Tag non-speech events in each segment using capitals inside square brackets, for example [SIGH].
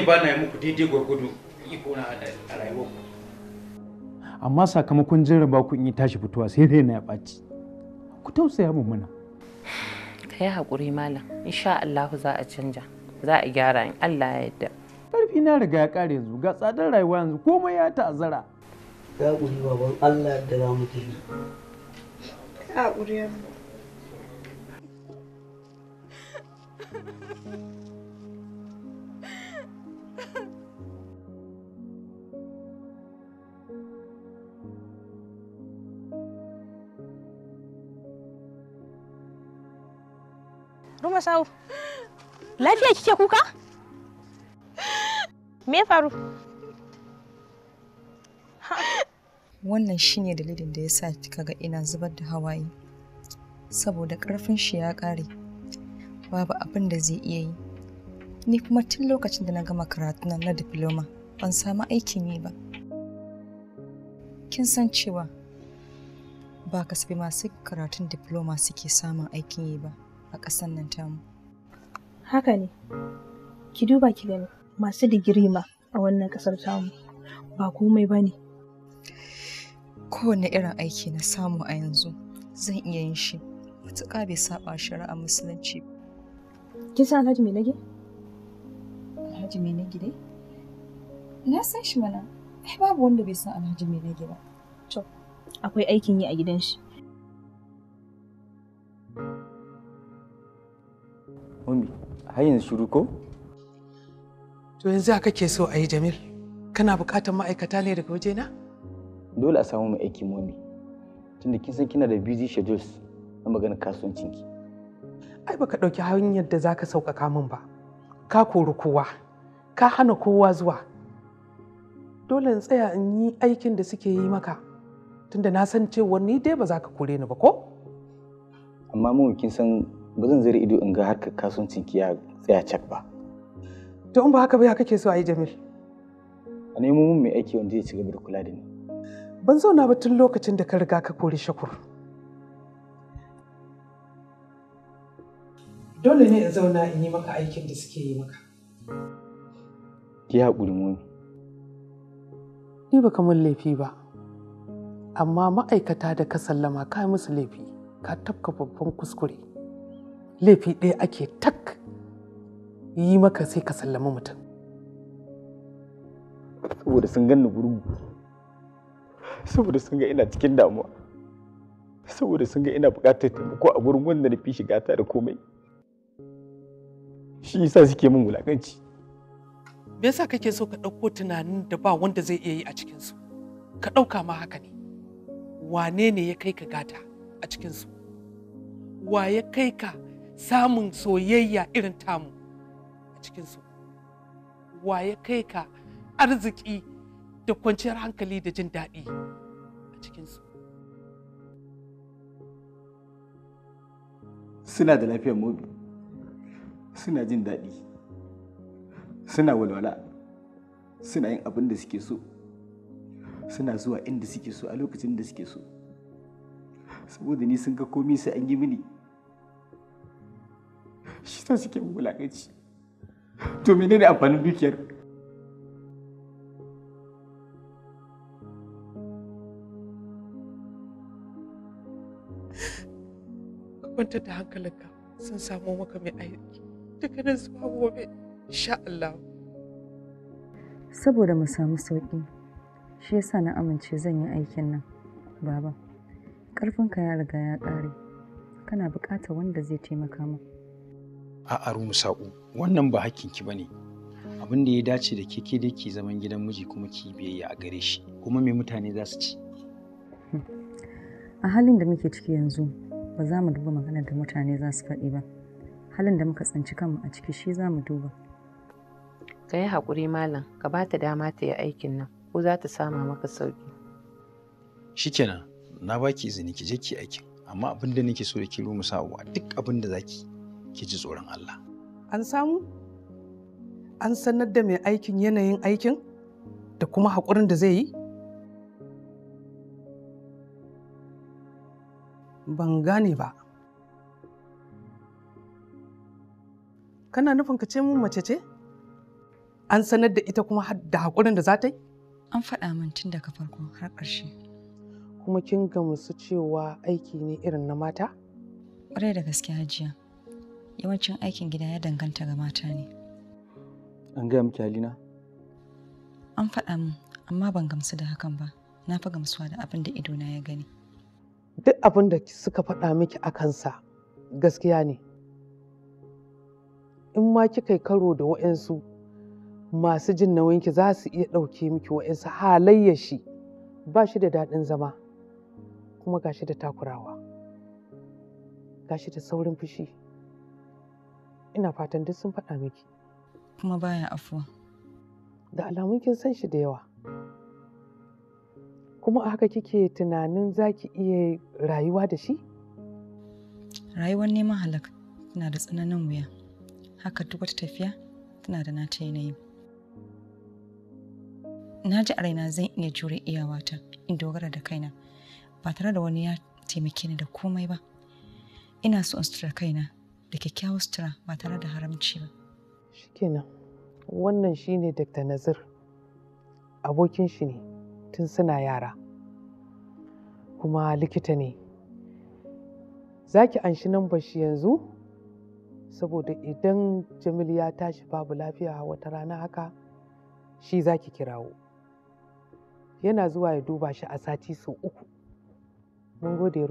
ne ba na yi muku daidai gwargwado iko na a rayuwarku amma sakamakon jarraba ku in yi tashi fitowa sai dai na ya ɓaci ku tausaya mu muna ka yi haƙuri malam insha Allah za a canja za a gyara in Allah ya yarda karfi na riga ya ƙare yanzu ga tsadar rayuwa yanzu komai ya ta'azzara ka haƙuri baban Allah da za mu tafi ka haƙuri yanzu kike kuka? Me Wannan shine dalilin da yasa kika ga ina zubar da hawaye. Saboda karfin shi ya kare Babu abin da zai iya yi. Ni kuma tun lokacin da na gama karatu na na diploma ban samu aikin yi ba. Kin san cewa ba kasafi masu karatun diploma suke samun aikin yi ba. a ƙasar nan tamu. Haka ne, ki duba ki gani masu digiri ma a wannan ƙasar tamu ba komai ba ne. Kowane irin aiki na samu a yanzu zan iya yin shi matuƙa bai saba shari'a musulunci. Kin san Alhaji Mai Nage? Alhaji Mai Nage dai? Na san shi mana, ai babu wanda bai san Alhaji Mai Nage ba. To, akwai aikin yi a gidan shi. Mami, har yanzu shiru ko? To yanzu haka kake so a yi Jamil? Kana buƙatar ma'aikata ne daga wajena? Dole a samu mai aiki Mami. Tunda kin san kina da busy schedules na maganar kasuwancinki. Ai baka ɗauki hanyar da zaka sauƙaƙa min ba. Ka kori kowa, ka hana kowa zuwa. Dole in tsaya in yi aikin da suke yi maka. Tunda na san cewa ni dai ba za ka kore ni ba ko? Amma mu kin san ba zan zira ido in ga harkar kasuwancin ki ya tsaya cak ba to in ba haka ba ya kake so a yi jamil a nemo mun mai aiki wanda zai ci gaba da kula da ni ban zauna ba tun lokacin da ka riga ka kori shakur dole ne in zauna in yi maka aikin da suke yi maka ki haƙuri mu ni ba kamar laifi ba amma ma'aikata da ka sallama ka musu laifi ka tafka babban kuskure laifi ɗaya ake tak yi maka sai ka sallama mutum saboda sun ganni gurgu saboda sun ga ina cikin damuwa saboda sun ga ina buƙatar taimako a gurin wanda na fi shiga ta da komai shi yasa suke min wulakanci me yasa kake so ka ɗauko tunanin da ba wanda zai iya yi a cikinsu ka ɗauka ma haka ne wane ne ya kai ka gata a cikinsu wa ya kai ka samun soyayya irin tamu a cikinsu wa ya kai ka arziki da kwanciyar hankali da jin daɗi a cikinsu suna da lafiyar mobi suna jin daɗi suna walwala suna yin abin da suke so suna zuwa inda suke so a lokacin da suke so saboda ni sun ga komi sai an yi mini shi ta suke wulaƙaci to ne amfanin dukiyar kwanta da hankalinka sun samu maka mai aiki dukkanin su zuwa gobe sha Allah saboda mu samu sauƙi shi yasa na amince zan yi aikin nan baba ƙarfinka ya riga ya ƙare kana buƙatar wanda zai taimaka maka a aru saƙo wannan ba hakkinki ba ne abin da ya dace da ke da ke zaman gidan miji kuma ki biyayya a gare shi kuma me mutane za su ci a halin da muke ciki yanzu ba za mu duba maganar da mutane za su faɗi ba halin da muka tsinci kanmu a ciki shi za mu duba ka yi haƙuri malam ka ba ta dama ta yi aikin nan ko za ta samu maka sauƙi shikenan na baki izini ki je ki aikin amma abin da nake so da ki rumu a duk abin da zaki ki ji tsoron Allah. An samu? An sanar da mai aikin yanayin aikin da kuma haƙurin da zai yi? Ban gane ba. Kana nufin ka ce mun mace ce? An sanar da ita kuma da haƙurin da za ta yi? An faɗa min tun daga farko har ƙarshe. Kuma kin gamsu cewa aiki ne irin na mata? Ƙwarai da gaske hajiya. yawancin aikin gida ya danganta ga mata ne an gaya miki halina an faɗa min amma ban gamsu da hakan ba na fi gamsuwa da abin da idona ya gani duk abin da suka faɗa miki a kansa gaskiya ne in ma kika karo da wa'yansu masu jin nauyinki za su iya ɗauke miki wa'yansu halayyar shi ba shi da daɗin zama kuma gashi da takurawa gashi da saurin fushi Ina fatan duk sun faɗa miki. Kuma baya afuwa. Da alamun kin san shi da yawa. Kuma a haka kike tunanin za ki iya rayuwa da shi? Rayuwar neman halak tana da tsananin wuya. Haka duk wata tafiya tana da nata yanayi. Na ji a raina zan iya jure iyawata in dogara da kaina ba tare da wani ya taimake ni da komai ba. Ina so in sutura kaina da kyakkyawar sutura ba tare da haramci ba. Shikenan wannan shine Dr. Nazir abokin shi ne tun suna yara kuma likita ne. Za ki anshi nan shi yanzu saboda idan Jamilu ya tashi babu lafiya wata rana haka shi za ki kirawo. Yana zuwa ya duba shi a sati sau uku. Mun gode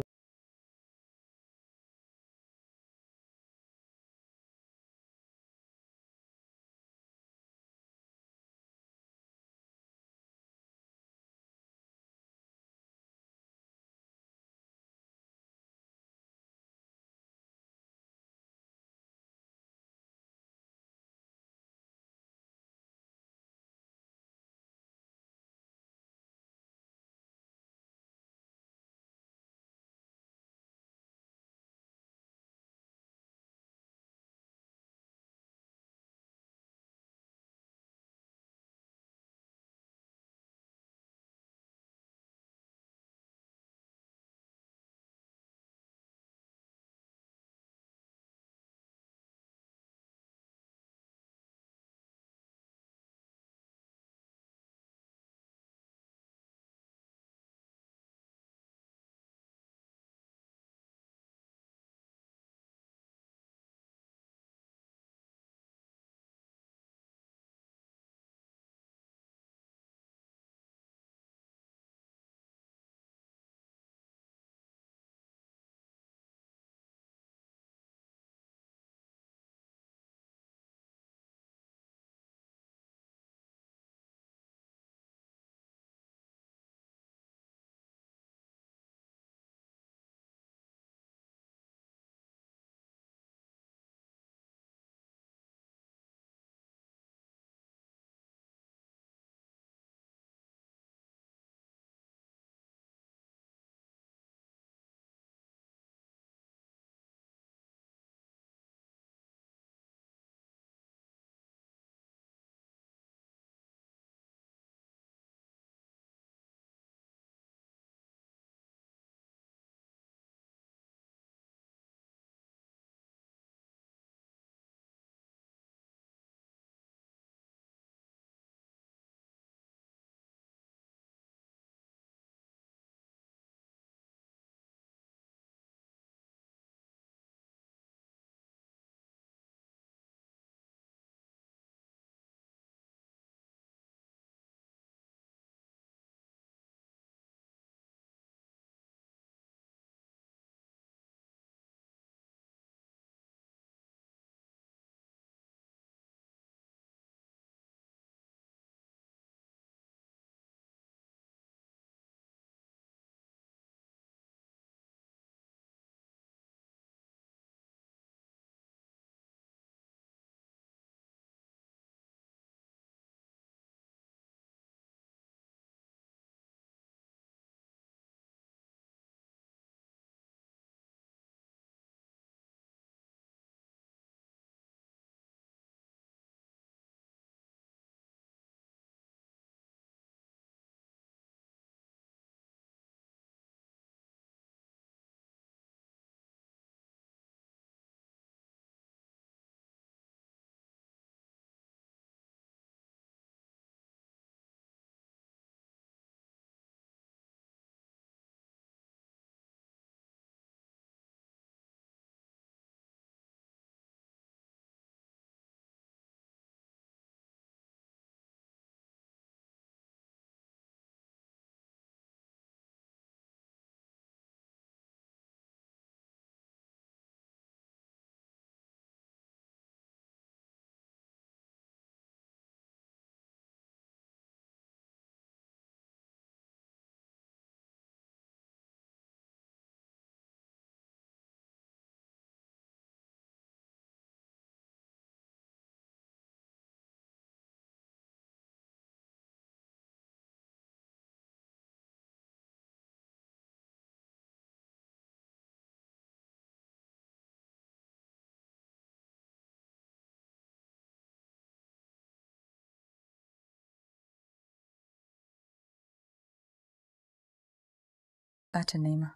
ɓata naima.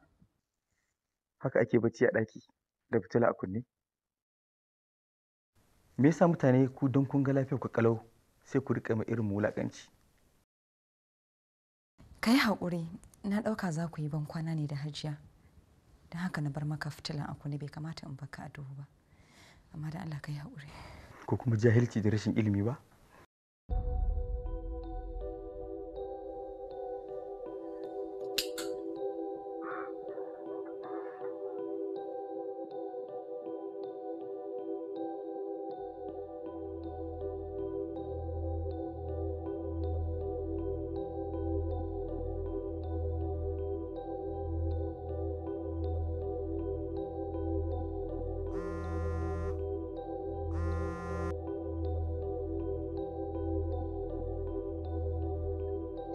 Haka ake bacci a ɗaki da fitila a kunne? Me yasa mutane ku don kun ga lafiyar ku kalau sai ku riƙa mai irin wulaƙanci? Ka yi haƙuri, na ɗauka za ku yi ban kwana ne da hajiya. Don haka na bar maka fitilan a kunne bai kamata in baka a duhu ba. Amma da Allah ka yi haƙuri. Ko kuma jahilci da rashin ilimi ba?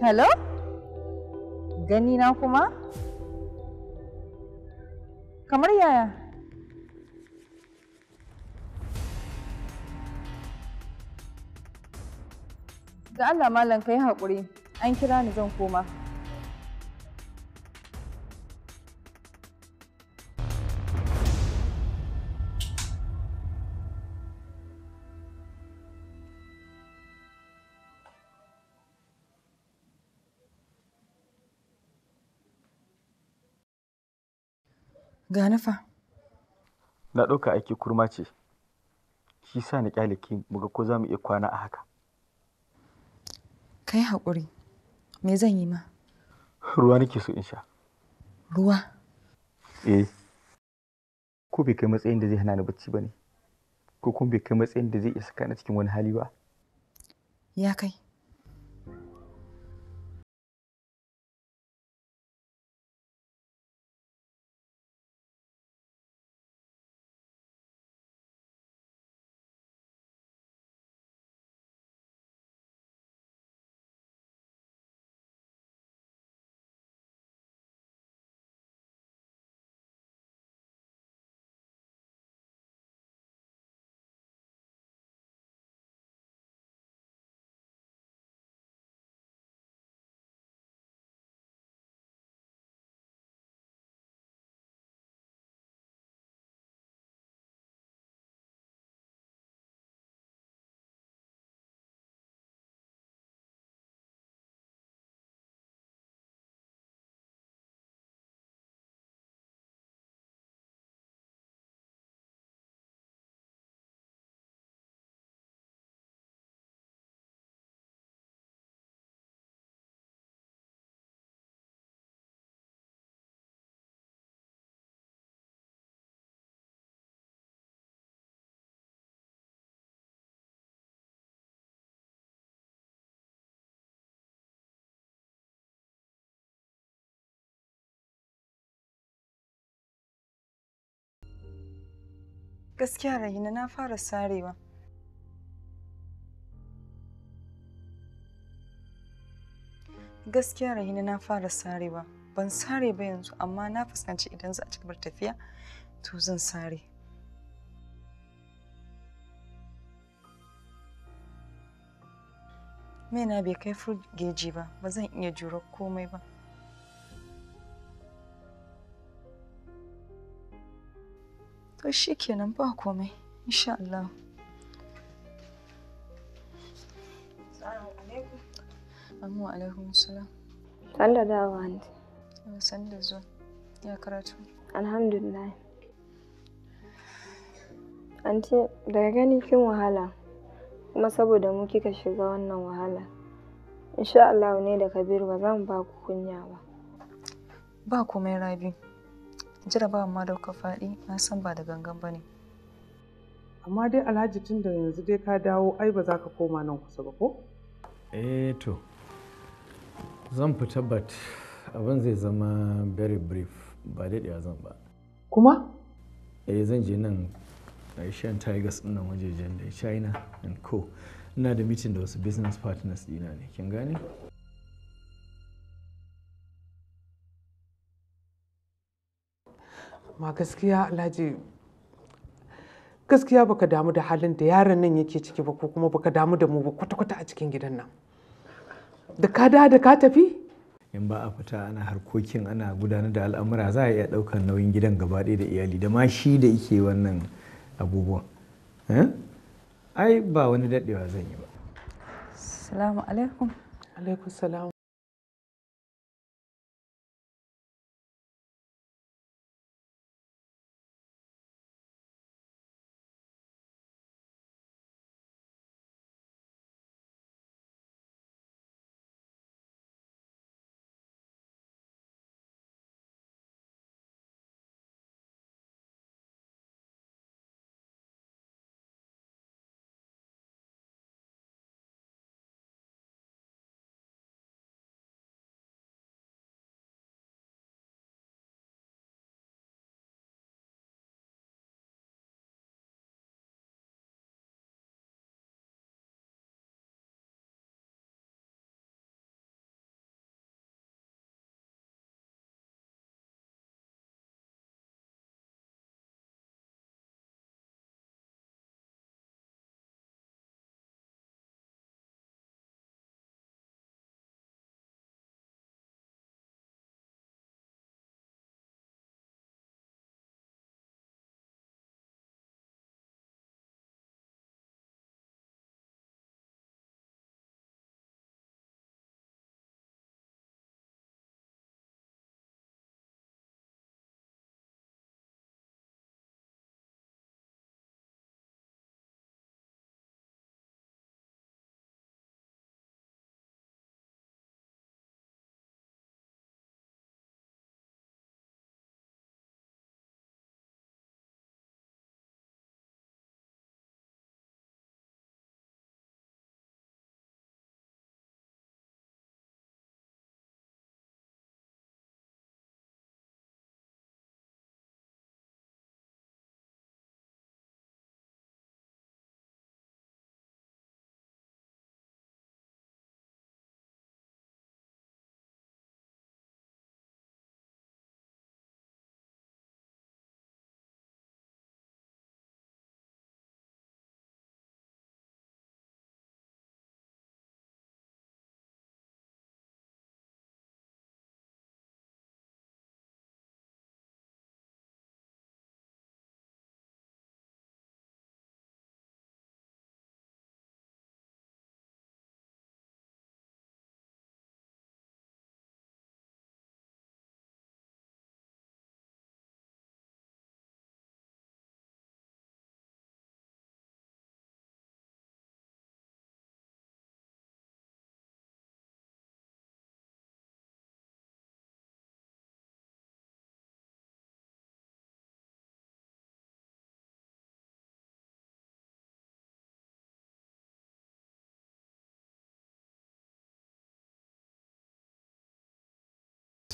hello gani na kuma kamar yaya Ga Allah malam kai haƙuri an kira ni zan koma ga nufa Na ɗauka aiki kurma ce, shi sa na ƙyale ki muga ko za mu iya kwana a haka. Kai haƙuri, me zan yi ma? Ruwa nake so in sha. Ruwa? Eh, ko bai kai matsayin da zai hana ni bacci ba ne, ko kuma bai kai matsayin da zai iya saka na cikin wani hali ba. Ya kai, Gaskiya Rahina na fara sarewa. Gaskiya na fara sarewa. Ban sare ba yanzu amma na fuskanci idan za a ci gabar tafiya to zan sare. na bai kai fruit geji ba, ba zan iya jura komai ba. To shi kenan ba komai, insha Allah. Assalamu alaikum. salam. San da dawa anti. San da zo, Ya karatu. Alhamdulillah. Anti, daga gani kin wahala, kuma saboda mu kika shiga wannan wahala. Insha Allah ne da Kabiru ba za mu ba ku kunya ba. Ba komai Rabi. jarabawan ma dauka kuka faɗi na san ba da gangan ba ne amma dai alhaji tun da yanzu dai ka dawo ai ba za ka koma nan kusa ba ko eh to zan fita but abin zai zama very brief ba daɗewa zan ba kuma eh zan je nan shan Tigers ɗin nan wajejen da China and Co. Ina da mitin da wasu business partners ɗina ne, kin gane? ma gaskiya alhaji gaskiya baka damu da halin da yaron nan yake ciki ba ko kuma baka damu da mu ba kwata-kwata a cikin gidan nan da ka da da ka tafi in ba a fita ana harkokin ana gudanar da al'amura za a iya ɗaukar nauyin gidan gaba ɗaya da iyali da ma shi da yake wannan abubuwan eh? ai ba wani daɗewa zan yi ba salamu alaikum alaikum salam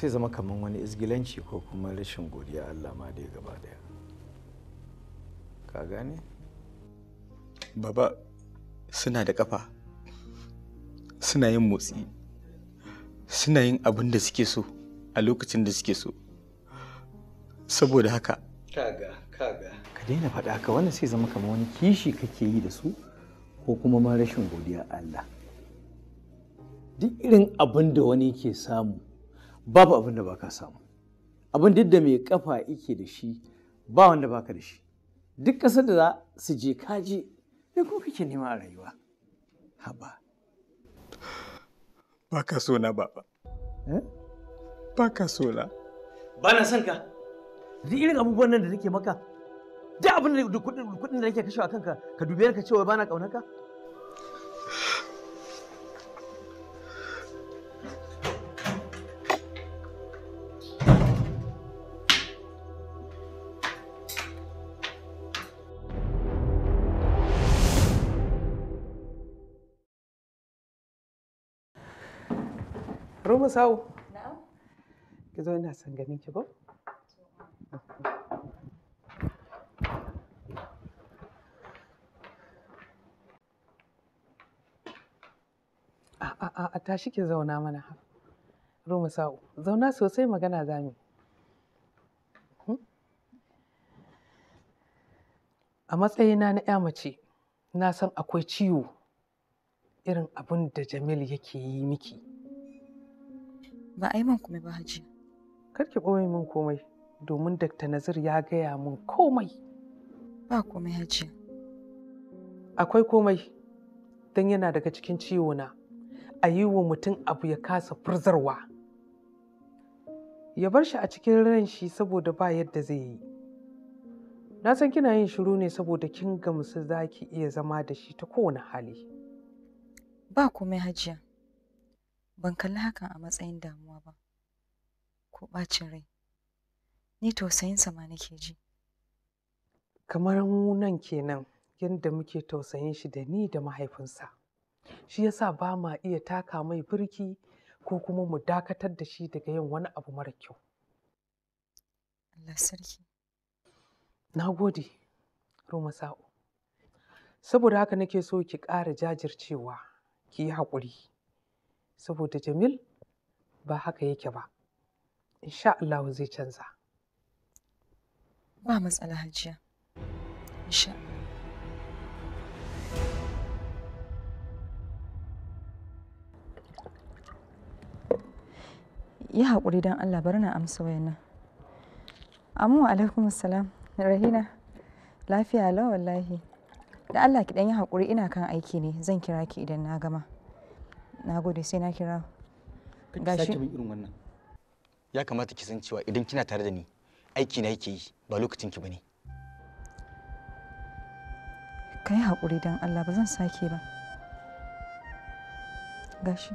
sai zama kamar wani izgilanci ko kuma rashin godiya Allah ma dai gaba daya ka gane baba suna da kafa suna yin motsi suna yin abin da suke so a lokacin da suke so saboda haka kaga kaga ka daina faɗa haka wannan sai zama kamar wani kishi kake yi da su ko kuma ma rashin godiya Allah duk irin abin da wani ke samu babu abin da ba ka samu abin duk da mai kafa ike da shi ba wanda baka da shi duk ƙasar da za su je kaji ne kuma kake nema a rayuwa haba ba ka so na baba eh? ba ka so na ba na son ka duk irin abubuwan nan da nake maka duk abin da kuɗin da nake kashewa kanka ka dubi ka cewa ba na ka. mu sau? na'am ki zo ina son ganin ki ba a tashi ki zauna mana Roma sa'u zauna sosai magana za mu hmm? a matsayina na ya mace na san akwai ciwo irin abin da jamil yake yi miki Mm Ba a yi min komai ba hajiya. Kar ki ɓoye min komai domin Dr. Nazir ya gaya min komai. Ba komai hajiya. Akwai komai don yana daga cikin ciwo na. A yi wa mutum abu ya kasa furzarwa. Ya bar shi a cikin ran shi saboda ba yadda zai yi. Na san kina yin shiru ne saboda kin gamsu za ki iya zama da shi ta kowane hali. Ba komai hajiya. ban kalli hakan a matsayin damuwa ba ko ɓacin rai ni tausayinsa ma nake ji kamar mu nan kenan yadda muke tausayin shi da ni da mahaifinsa shi yasa ba ma iya taka mai birki ko kuma mu dakatar da shi daga yin wani abu mara kyau Allah sarki na gode Roma sa'o saboda haka nake so ki ƙara jajircewa ki yi haƙuri saboda Jamil ba haka yake ba. Insha Allah zai canza. Ba matsala hajiya. Insha Yi hakuri don Allah bari na amsa wayannan. Amma alaikum salam. Rahina, lafiya lau wallahi. Da Allah ki dan yi hakuri ina kan aiki ne zan kira ki idan na gama. na gode sai na kira wannan ya kamata ki san cewa idan kina tare da ni aiki na yake yi ba lokacin ki bane kai hakuri dan Allah ba zan sake ba gashi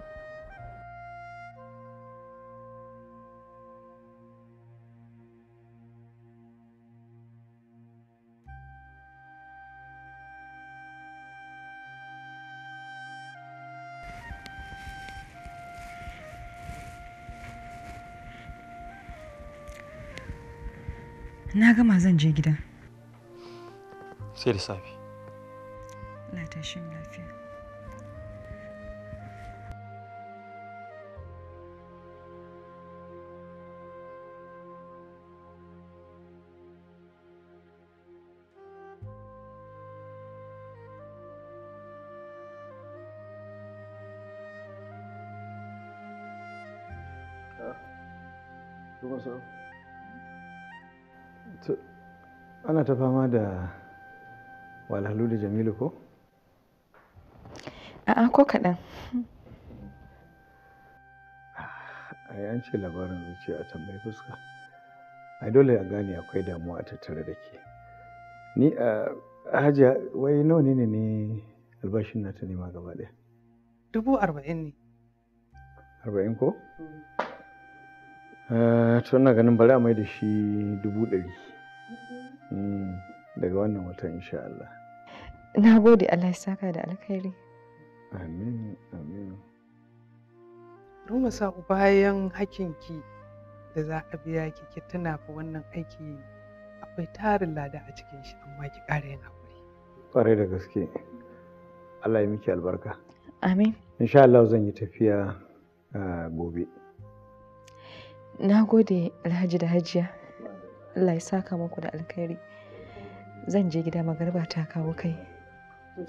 Bakamazsan je gida. Sai da safe. sabe. ta shi lafiya. Ah, como want ana ta fama da walhalu da jamilu ko? a'a ko kaɗan yi an ce labarin zuciya a tambayi fuska ai dole a gane akwai damuwa a tattare da ke ni a hajiya wai nawa ne ne albashin na ta nema gaba ɗaya dubu arba'in ne arba'in ko? Eh, to ina ganin bari a mai da shi dubu ɗari Mm, daga wannan watan insha Allah na gode Allah ya saka da alkhairi amin amin Ruma sa'u bayan hakinki da za a biya ki ki tuna fa wannan aiki akwai tarin lada a cikin shi amma ki ƙara yin haƙuri ƙwarai da gaske Allah ya miki albarka amin insha Allah zan yi tafiya ah, gobe na gode Alhaji da Hajiya Allah ya saka muku da alkhairi zan je gida magarba ta kawo kai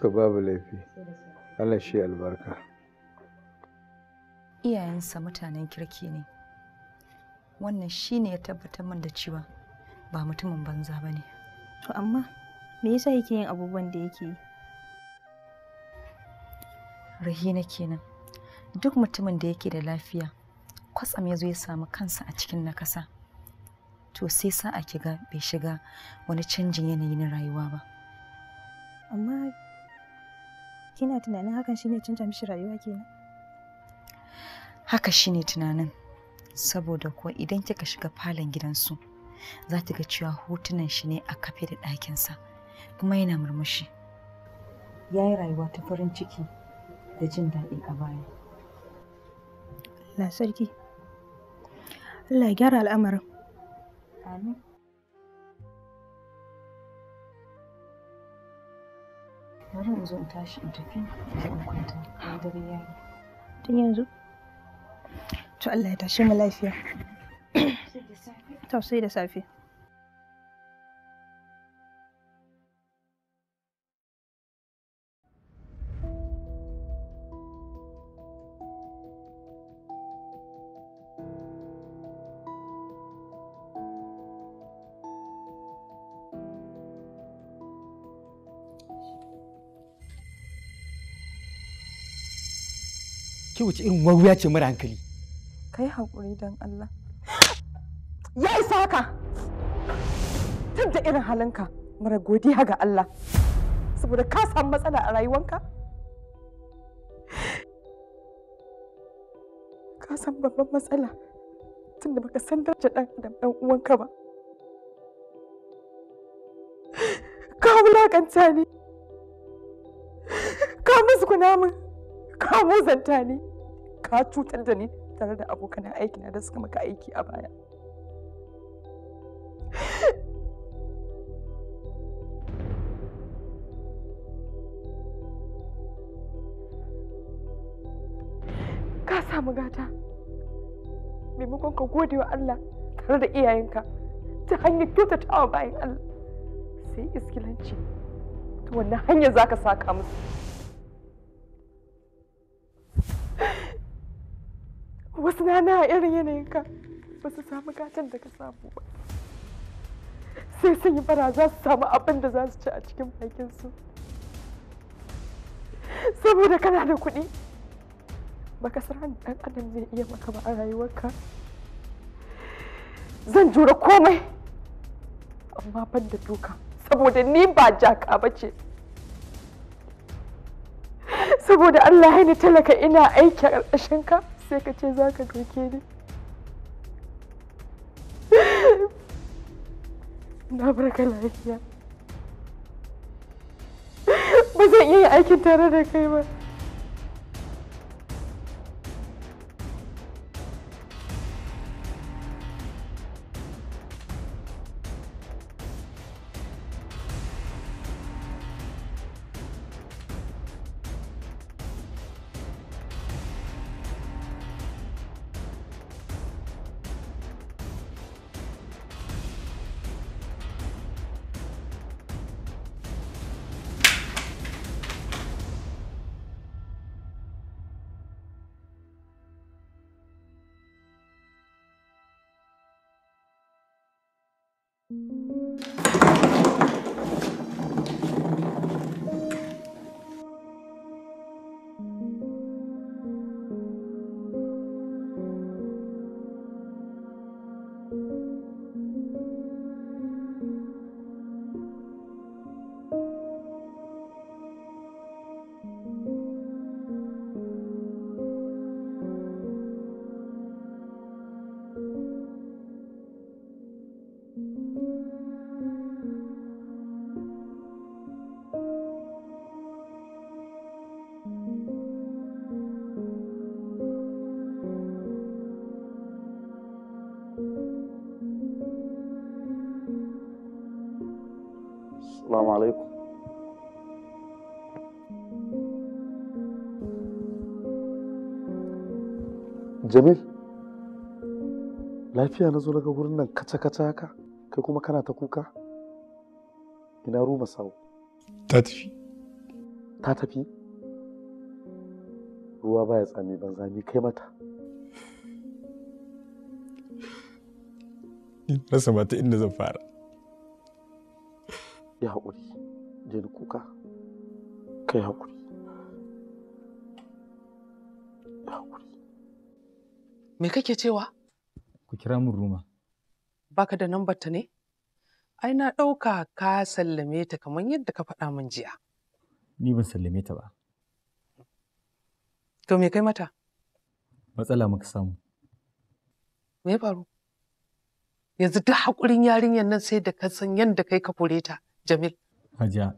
to babu laifi Allah shi albarka iyayensa mutanen kirki ne wannan shi ne ya tabbatar min da cewa ba mutumin banza ba ne to amma me yasa yake yin abubuwan da yake yi rahina kenan duk mutumin da yake da lafiya kwatsam ya zo ya samu kansa a cikin nakasa to sai sa'a a kiga bai shiga wani canjin yanayi na rayuwa ba amma kina tunanin hakan shine canja mishi rayuwa kenan haka shine tunanin saboda kuwa idan kika shiga falon gidansu za ta ga cewa hotunan shi ne a kafe da ɗakinsa kuma yana murmushi ya yi rayuwa ta farin ciki da jin daɗi a baya Allah sarki Allah ya gyara al'amarin Amin. Bari in zo in tashi in tafi in kwanta in dare ya yi. Tun yanzu? To Allah ya tashi mu lafiya. Sai da safe. To sai da safe. ke wuce irin wawuya ce mara hankali kai haƙuri don Allah ya isa haka duk da irin halinka mara godiya ga Allah saboda ka samu matsala a rayuwanka ka san babban matsala tun da baka san daraja ɗan adam ɗan uwanka ba ka wulakanta ni ka musguna min ka muzanta ni ka cutar da ni tare da abokan aikina da suka maka aiki a baya ka samu gata maimakon ka gode wa Allah tare da iyayenka ta hanyar kyautatawa bayan Allah sai iskilanci ta wannan hanyar za ka saka musu wasu na na irin yanayin ba su samu gatan da ka samu ba sai sun yi bara za su samu abin da za su ci a cikin bakinsu saboda kana da kuɗi baka san ɗan adam zai iya maka ba a rayuwarka zan jura komai amma ban da duka saboda ni ba jaka ba ce saboda Allah ya ni talaka ina aiki a ka sai ka ce za ka doke ni na barka lafiya ba zan iya yi aikin tare da kai ba jamil lafiya na zo daga wurin nan kaca-kaca haka kai kuma kana ta kuka ina ruma sawo ta tafi ta tafi ruwa baya tsami ban zami kai mata rasa ba ta inda zan fara ya haƙuri je kuka kai haƙuri Me kake cewa? Ku kira min Ruma. Baka da nambar ta ne? Ai na ɗauka ka sallame ta kamar yadda ka faɗa min jiya. Ni ban sallame ta ba. To me kai mata? Matsala muka samu. Me ya faru? Yanzu duk haƙurin yarinyar nan sai da ka san yadda kai ka kore ta, Jamil. Hajiya,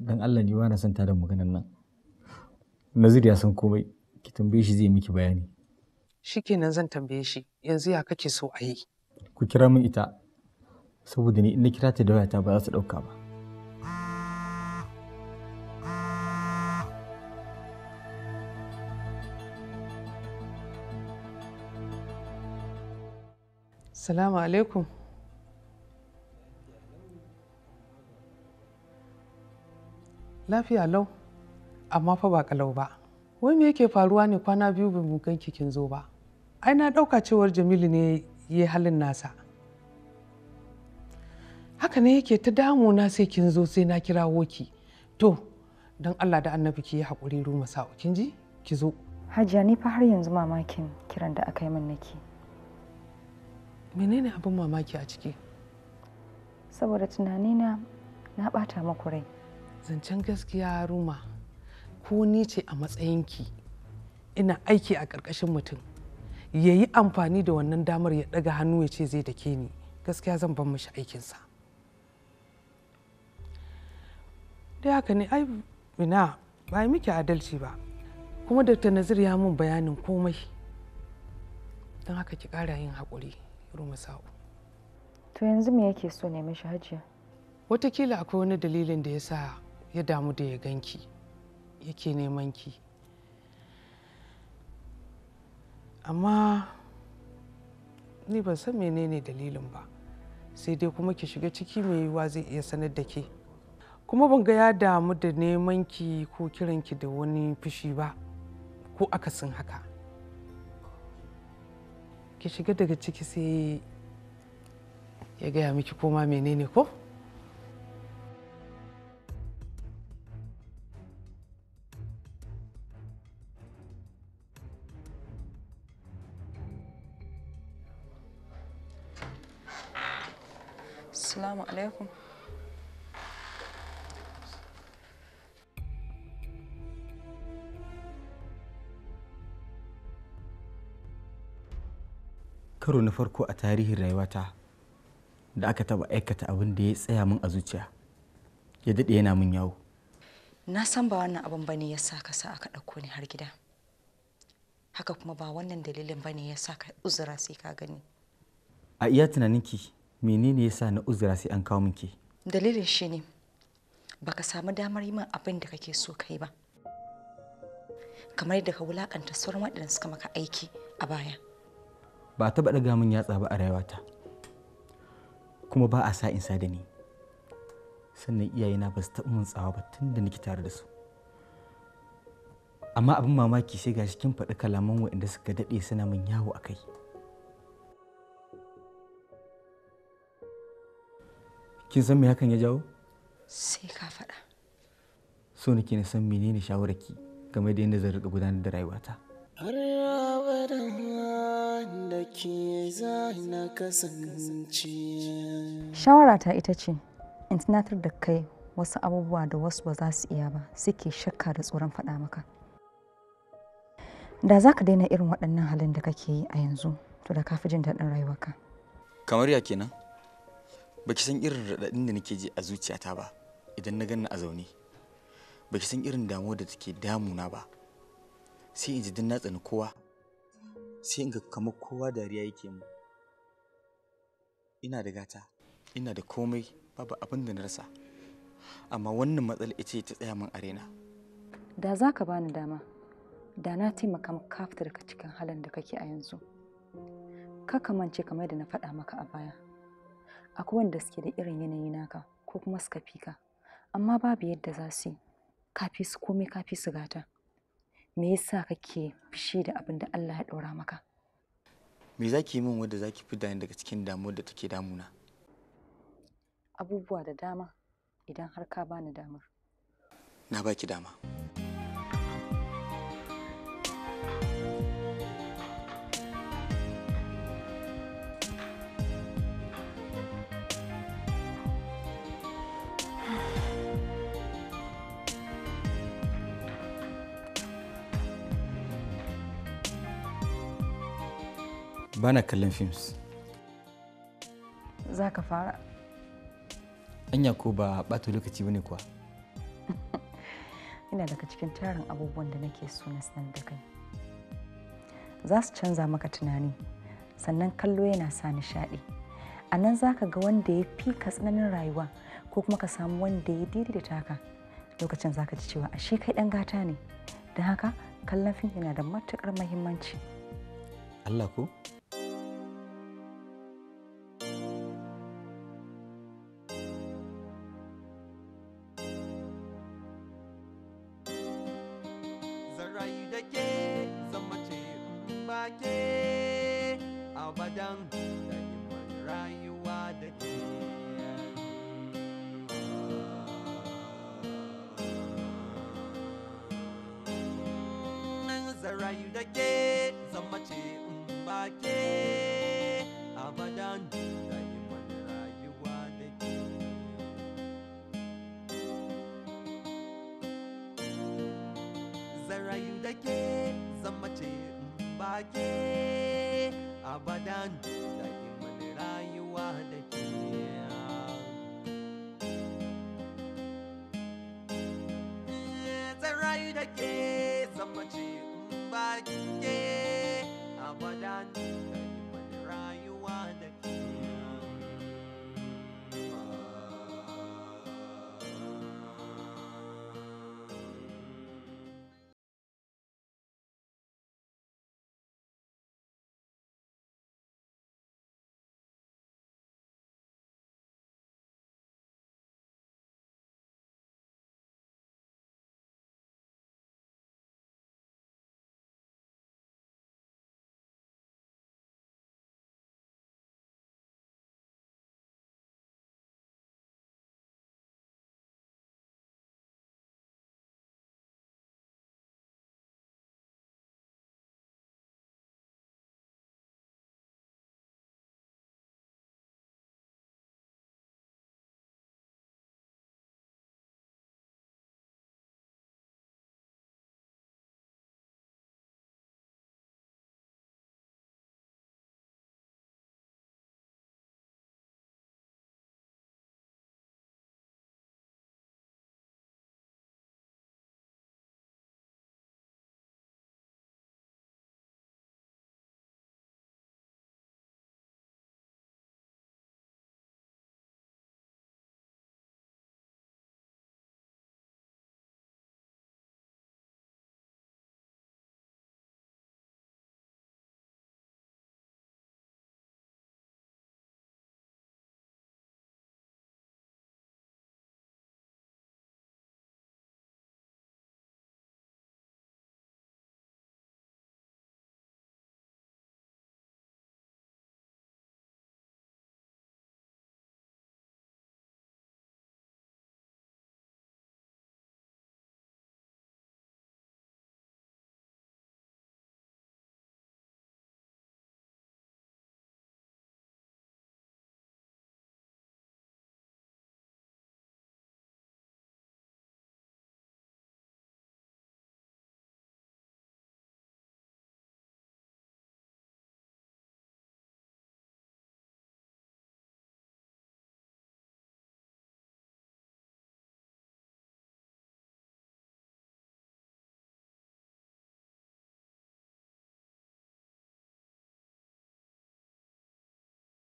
don Allah ne, ba na son tarin maganar nan. Nazir ya san komai, ki tambaye shi zai miki bayani. shikenan zan tambaye shi yanzu ya kake so a yi ku kira min ita saboda ni na kira ta da wayata ba za su ɗauka ba Salamu alaikum. Lafiya lau, amma fa ba kalau ba. Wai me yake faruwa ne kwana biyu bin ganki kin zo ba? ai na ɗauka cewar jamilu ne ya halin nasa haka ne yake ta damu na sai kin zo sai na kirawo ki to don allah da annabi ki yi haƙuri ruma sa'o kin ji ki zo hajiya ni fa har yanzu mamakin kiran da aka yi min nake menene abin mamaki a ciki saboda tunanina na ɓata maku rai zancen gaskiya ruma ko ni ce a matsayinki ina aiki a ƙarƙashin mutum ya yi amfani da wannan damar ya ɗaga hannu ya ce zai dake ni gaskiya zan ban mashi aikinsa da haka ne ai ina ba yi miki adalci ba kuma dr nazir ya mun bayanin komai don haka ki kara yin haƙuri ruma sa'u to yanzu me yake so ne mashi hajiya watakila akwai wani dalilin da ya sa ya damu da ya ganki yake neman ki amma ni ban san menene dalilin ba sai dai kuma ki shiga ciki mai yiwuwa zai iya sanar da ke kuma ban ga ya damu da neman ki ko kiran ki da wani fushi ba ko akasin haka ki shiga daga ciki sai ya gaya miki koma menene ko? السلام عليكم Karo na farko a tarihin rayuwata da aka taba aikata abin da ya tsaya min a zuciya ya daɗe yana min yawo. Na san ba wannan abin bane ya sa ka sa aka ɗauko ni har gida. Haka kuma ba wannan dalilin bane ya sa ka uzura sai ka gani. A iya tunaninki menene yasa na uzura sai an kawo miki dalilin shi ne baka samu damar yi min abin da kake so kai ba kamar yadda ka wulakanta sauran waɗanda suka maka aiki a baya ba ta ɗaga min yatsa ba a rayuwata kuma ba a sa in sa da ni sannan iyayena ba su taɓa min tsawa ba tun da nake tare da su amma abin mamaki sai shi kin faɗi kalaman waɗanda suka daɗe suna min yawo a kai kin san me hakan ya jawo sai ka faɗa so nake na san menene shawararki game da yadda zan riƙa gudanar da rayuwata shawarata ita ce in tunatar da kai wasu abubuwa da wasu ba za su iya ba suke shakka da tsoron faɗa maka da za ka daina irin waɗannan halin da kake yi a yanzu to da ka fi jin daɗin rayuwarka kamar ya kenan baki san irin raɗaɗin da nake ji a zuciyata ba idan na ganni a zaune baki san irin damuwa da take damuna ba sai in ji na tsani kowa sai in ga kamar kowa dariya yake mu ina da gata ina da komai babu abin da na rasa amma wannan matsala ita ta tsaya min arena da za ka bani dama da na taimaka maka ka cikin halin da kake a yanzu ka kamance kamar da na faɗa maka a baya akwai wanda suke da irin yanayi naka ko kuma suka fi ka amma babu yadda za su yi kafi su komai kafi su gata me yasa kake fishi da abin da Allah ya ɗora maka me zaki yi min wanda za ki dani daga cikin damuwar da take damuna abubuwa da dama idan har ka bani damar na baki dama. Bana kallon films za ka fara anya ko ba bato lokaci bane kuwa ina daga cikin tarin abubuwan da nake so na sanar da kai za su canza maka tunani sannan kallo yana sa nishaɗi a nan za ka ga wanda ya fi ka tsananin rayuwa ko kuma ka samu wanda ya da taka. lokacin za ka ji cewa ashe kai ɗan gata ne don haka kallon fim yana da matukar muhimmanci Allah ko?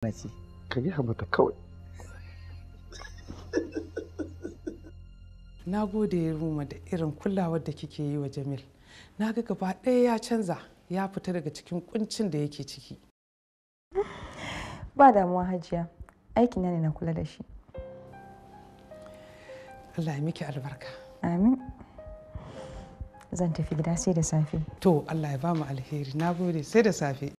mace. Ka gaya mata kawai. Na gode Ruma da irin kulawar da kike yi wa Jamil. Na ga gaba ɗaya ya canza ya fita daga cikin kuncin da yake ciki. Ba damuwa hajiya, aikina ne na kula da shi. Allah ya miki albarka. Amin. Zan tafi gida sai da safe. To Allah ya ba mu alheri. Na gode sai da safe.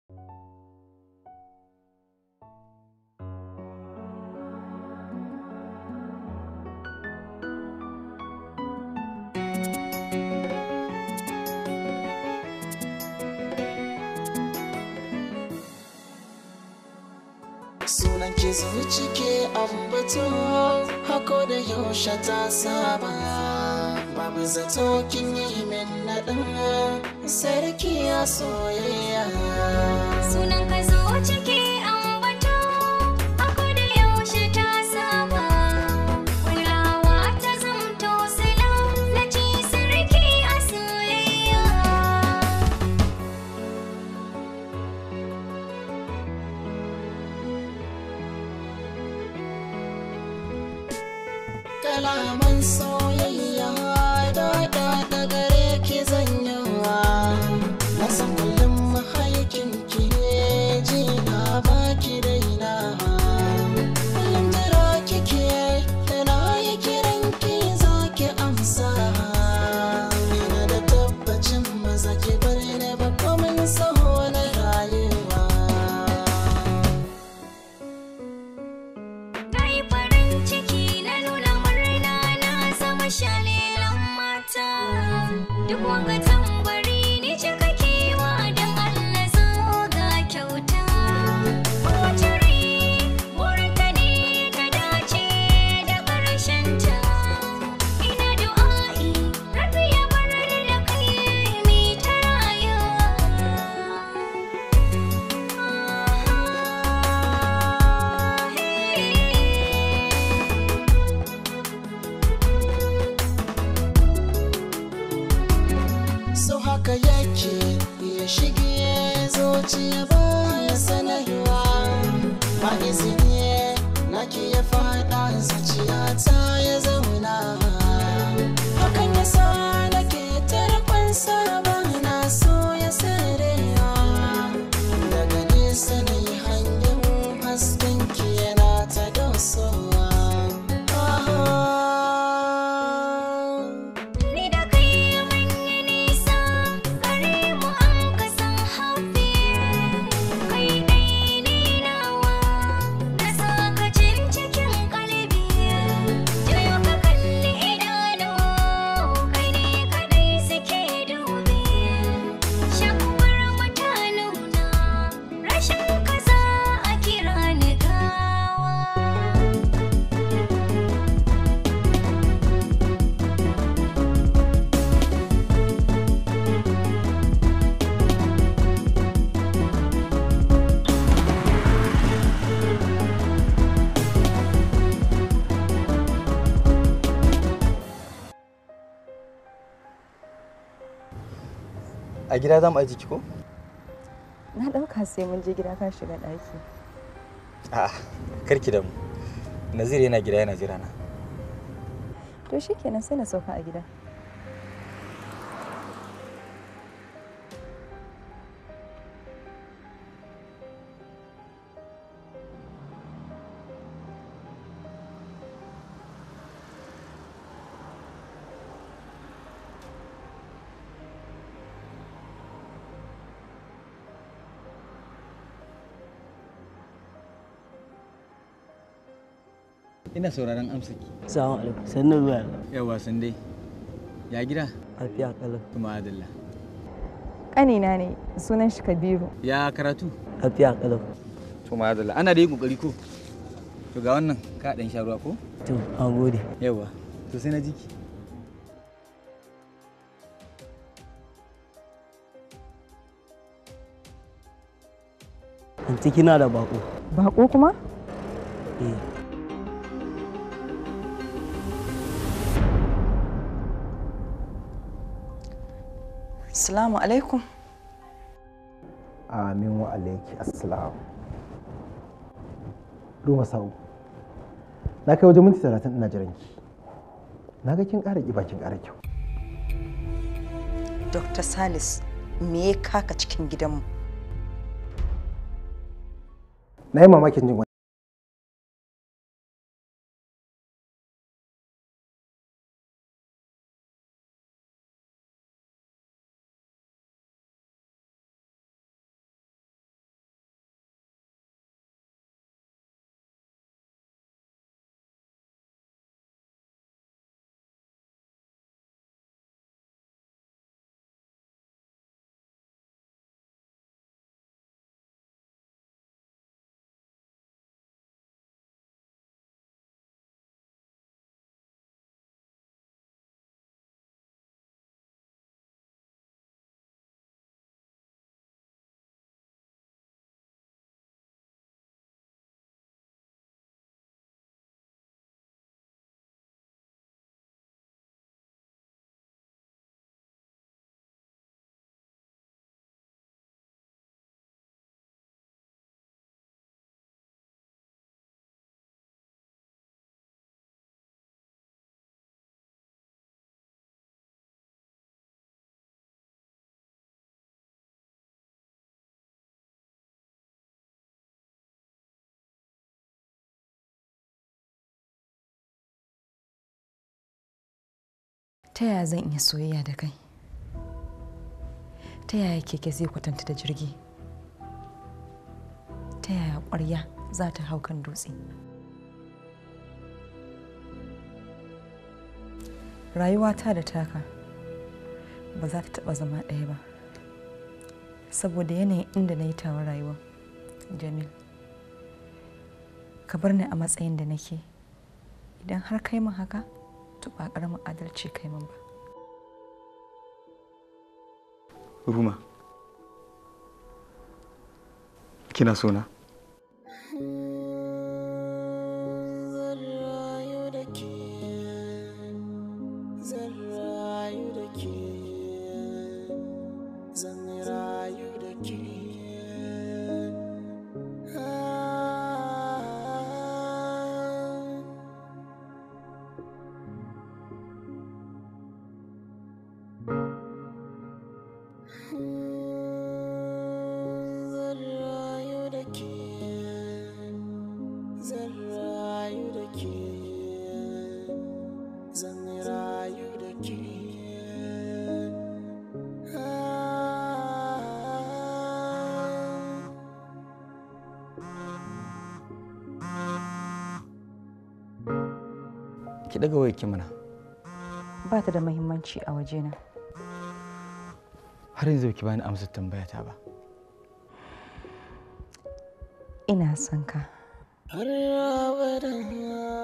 ke zuci ke ambato hako da yaushe ta saba babu zato kin yi min naɗin sarki a soyayya gida za mu aji ki ko? Na ɗauka sai mun je gida ka shiga ɗaki. A'a, karki da mu. Nazir yana gida yana jira na. To kenan sai na sauka a gida. ina sauraron amsaki salamu alaikum sannan ruwa yawa sun dai ya gida alfiya kala kuma adalla kanina ne sunan shi kabiru ya karatu alfiya kala to ma adalla ana da yin kokari ko to ga wannan ka dan sha ruwa ko to an gode yawa to sai na jiki Anti na da bako. Bako kuma? Eh. Assalamu alaikum. Amin wa alaiki assalam. Roma sa'u. Na kai wajen minti talatin ina jiran ki. Na ga kin ƙara ƙiba kin ƙara kyau. Dr. Salis, me ya kaka cikin gidanmu? Na yi mamakin jin ta yaya zan iya soyayya da kai ta yaya keke zai kwatanta da jirgi ta yaya ƙwarya za ta hau kan dutse rayuwata da taka ba za ta taɓa zama ɗaya ba saboda yanayin inda na yi tawa rayuwa jamil ka bar ni a matsayin da nake idan har kai mu haka to ba karamin adalci kai min ba ruma kina sona ki mana ba ta da muhimmanci a wajena har yanzu ki bani amsar tambayata ba ina son ka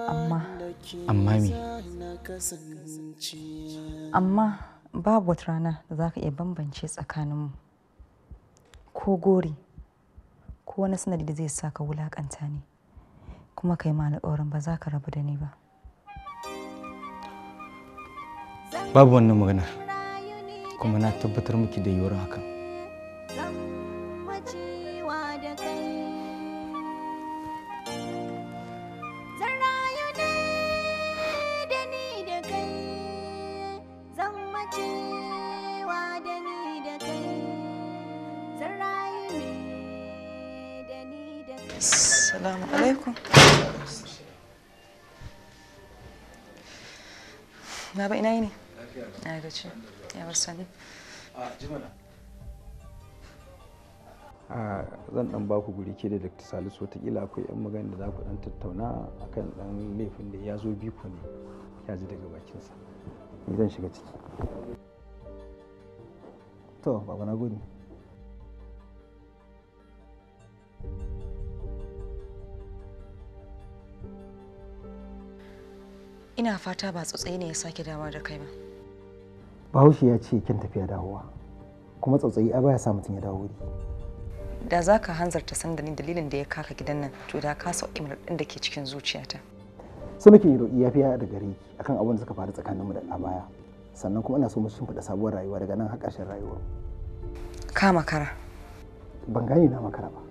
amma amma me amma babu wata rana da za ka iya bambance tsakaninmu ko gori ko wani sanadi da zai sa ka wulakanta ne kuma kai ma alƙawarin ba za ka rabu da ni ba babu wannan magana kuma na tabbatar miki da yiwuwar hakan sani zan dan baku guri ke da dr salisu watakila akwai yan magana da za ku dan tattauna akan dan laifin da ya zo biku ne ya ji daga bakinsa ni zan shiga ciki to baba na gode ina fata ba tsotsai ne ya sake dawa da kai ba bahaushe ya ce kin tafiya dawowa kuma tsautsayi a baya sa mutum ya dawo wuri da zaka hanzarta san da ni dalilin da ya kaka gidan nan to da ka sauƙi mana da ke cikin zuciyata so muke yi roƙi yafiya da gare ki akan abin da suka faru tsakaninmu da a baya sannan kuma ina so mu shimfiɗa sabuwar rayuwa daga nan har ƙarshen rayuwar ka makara ban gane na makara ba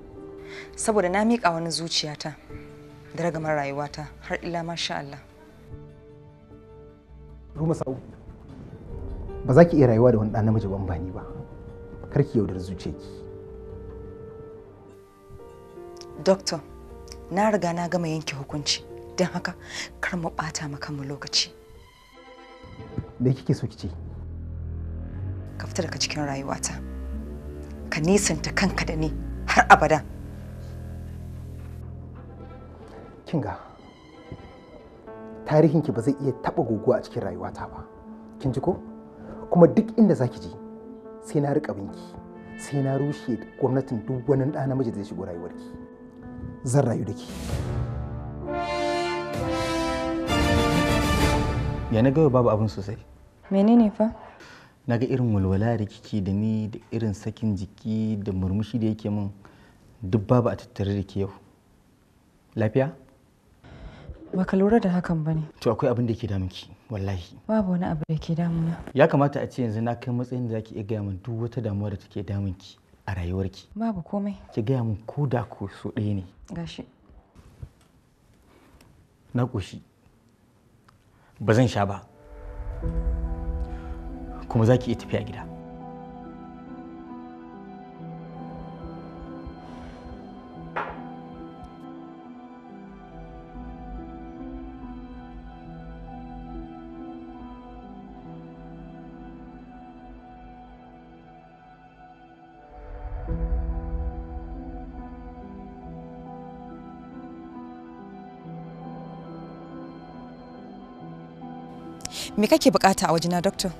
saboda na miƙa wani zuciyata da ragamar rayuwata har illa masha Allah Ruma Sa'u ba za ki iya rayuwa da wani ɗan namiji ban bani ba kar ki yaudar zuciyarki doctor na riga na gama yanke hukunci don haka kar mu ɓata maka mu lokaci me kike so ki ce ka fita daga cikin rayuwata ka nisanta kanka da ni har abada kinga tarihinki ba zai iya taɓa guguwa a cikin rayuwata ba kin ji ko kuma duk inda zaki je sai na rika binki sai na rushe gwamnatin duk wani ɗa namiji da zai shigo rayuwarki zan rayu da ki ya na gaba babu abin sosai menene fa na ga irin walwala da kike da ni da irin sakin jiki da murmushi da yake min duk babu a tattare da ke yau lafiya ba ka lura da hakan ba ne to akwai abin da ke damunki wallahi babu wani abu da ke damuna ya kamata a ce yanzu na kai matsayin da zaki iya gaya min duk wata damuwa da take ki a rayuwarki babu komai ki gaya min ko da ko so ɗaya ne gashi na ƙoshi ba zan sha ba kuma zaki ki iya tafiya gida me kake bukata a wajena doctor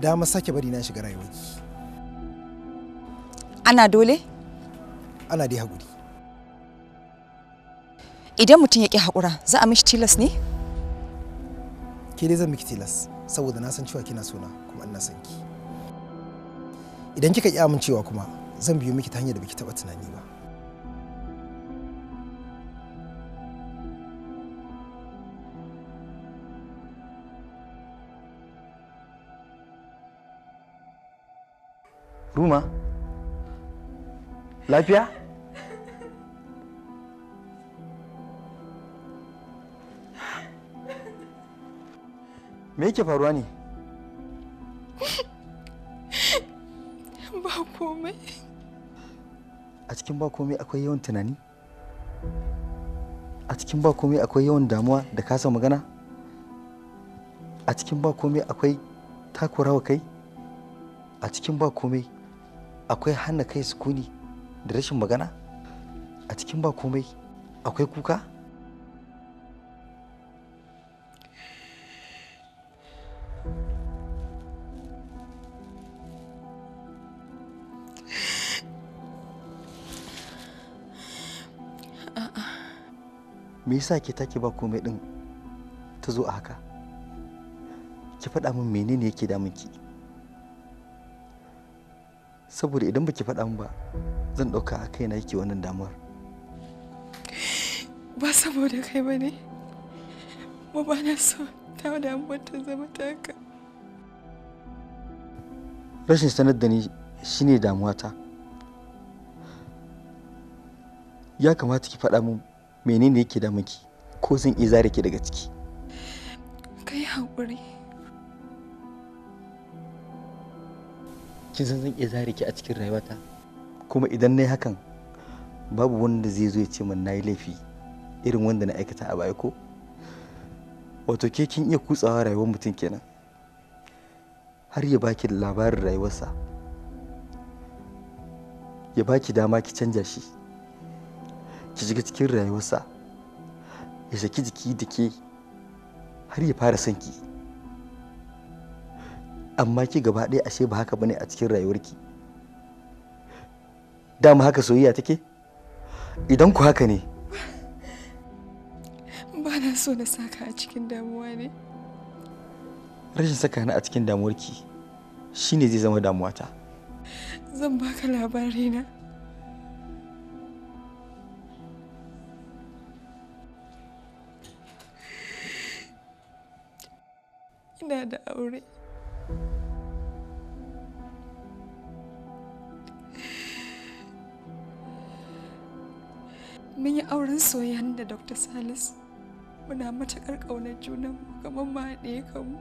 dama sake bari na shiga rayuwarki ana dole ana dai haƙuri idan mutum ya ƙi haƙura za a mishi tilas ne ke dai zan miki tilas saboda na san cewa kina sona kuma ina san ki idan kika ƙi amincewa kuma zan biyo miki ta hanyar da biki taɓa tunani ba Duma? Lafiya? Me yake faruwa ne? [LAUGHS] Ba komai. A cikin ba komai akwai yawan tunani? A cikin ba komai akwai yawan damuwa da kasa magana? A cikin ba komai akwai takurawa kai? A cikin ba komai akwai hana kai sukuni da rashin magana a cikin ba komai akwai kuka me yasa ke take ba komai din ta zo a haka ki faɗa min menene yake damunki ki saboda idan baki faɗa min ba zan ɗauka a kaina yake wannan damuwar ba saboda kai ba ne ba ba na so ta damuwar ta zama taka rashin sanar da ni shine damuwata ya kamata ki faɗa min menene yake damunki ko zan iya zare ki daga ciki kai haƙuri kin san zan iya zare ki a cikin rayuwata kuma idan nayi hakan babu wanda zai zo ya ce min nayi laifi irin wanda na aikata a baya ko wato ke kin iya kutsawa rayuwar mutum kenan har ya baki labarin rayuwarsa ya baki dama ki canja shi ki shiga cikin rayuwarsa ya saki jiki da ke har ya fara son amma ki gaba ɗaya ashe ba haka bane a cikin rayuwarki dama haka soyayya take idan ku haka ne ba na so na saka a cikin damuwa ne rashin saka ni a cikin damuwarki shine zai zama damuwata zan baka labari na ina da aure mun yi auren soyayya da dr salis muna matakar ƙaunar junanmu kamar ma ɗaya kanmu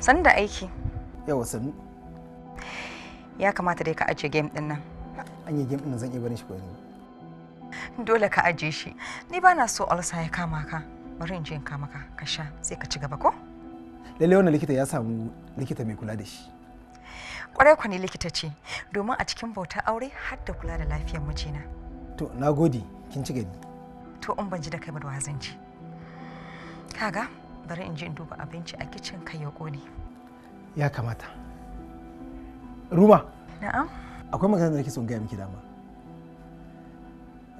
san da aiki yawa sani. ya kamata dai ka ajiye game ɗin nan an yi game ɗin nan zan iya barin shi ko yanzu dole ka aje shi ni bana so alsa ya kama ka bari in je in kama ka ka sha sai ka ci gaba ko lalle wannan likita ya samu likita mai kula da shi kwarai kwani ne likita ce domin a cikin bautar aure har da kula da lafiyar mijina to na kin ci gani to in ban ji da kai ba da kaga bari in ji in duba abinci a kicin ka ya kone ya kamata ruma na'am akwai magana da kike son ga miki dama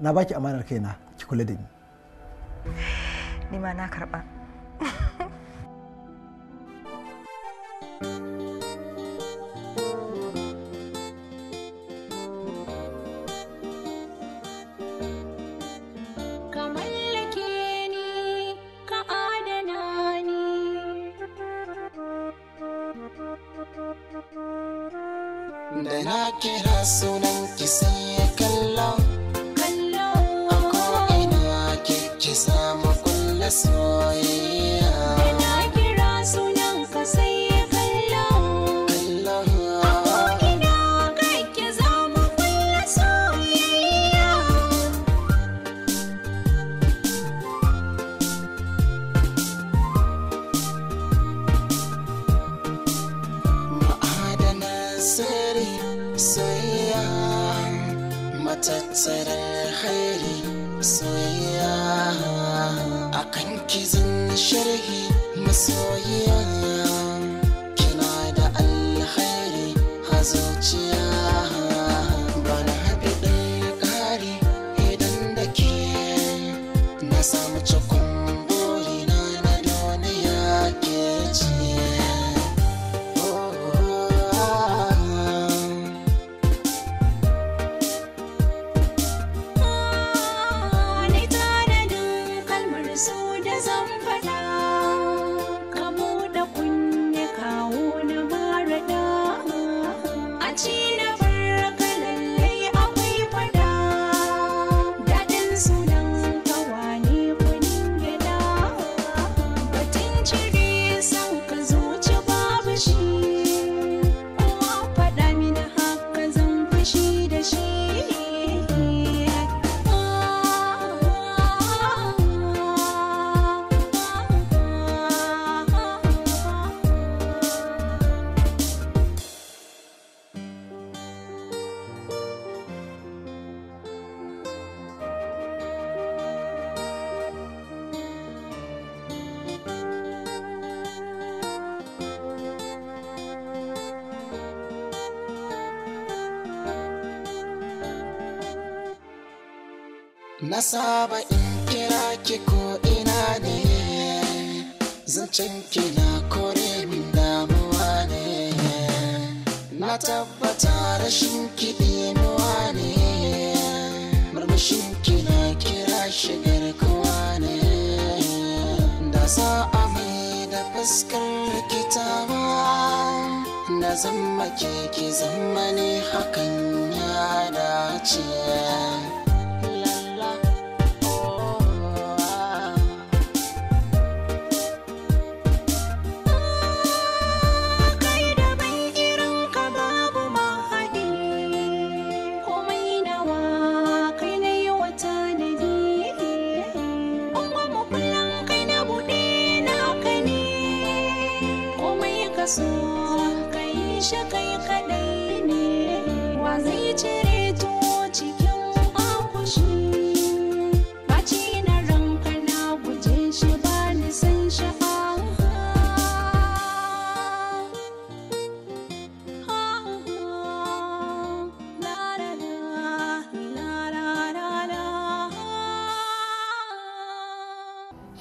na baki amanar kaina ki kula da ni ni ma na karba [LAUGHS] Da na kira sunan ki da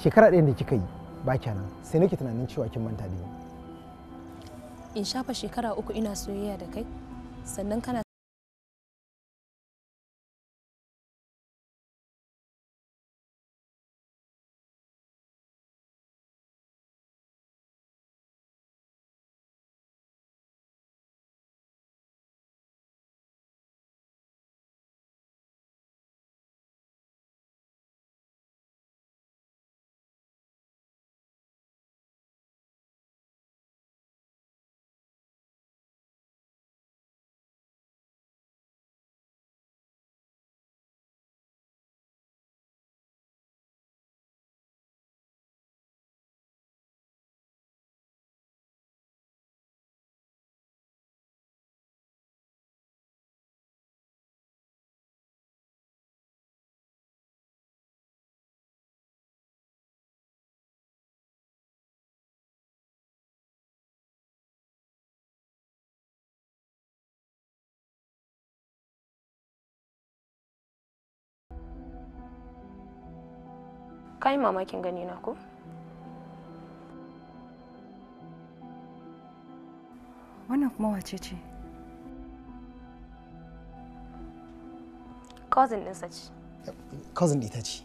shekara ɗaya da kika yi ba kenan sai nake tunanin cewa kin manta da ni in shafa shekara uku ina soyayya da kai sannan kana ka yi mamakin gani na ko wannan kuma wace ce cousin ɗinsa ce cousin ita ce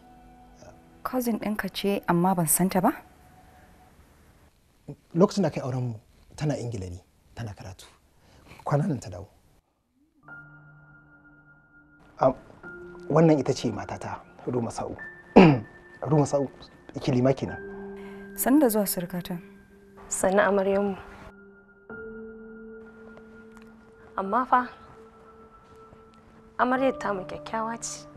cousin ɗinka ce amma ban santa ba lokacin da kai auren mu tana ingila ne tana karatu kwanan nan ta dawo wannan ita ce matata hudu sa'u [CLEARS THROAT] ruwan sa'u kilima kenan san da zuwa surkata sannu amaryanmu amma fa amaryar tamu kyakkyawa ce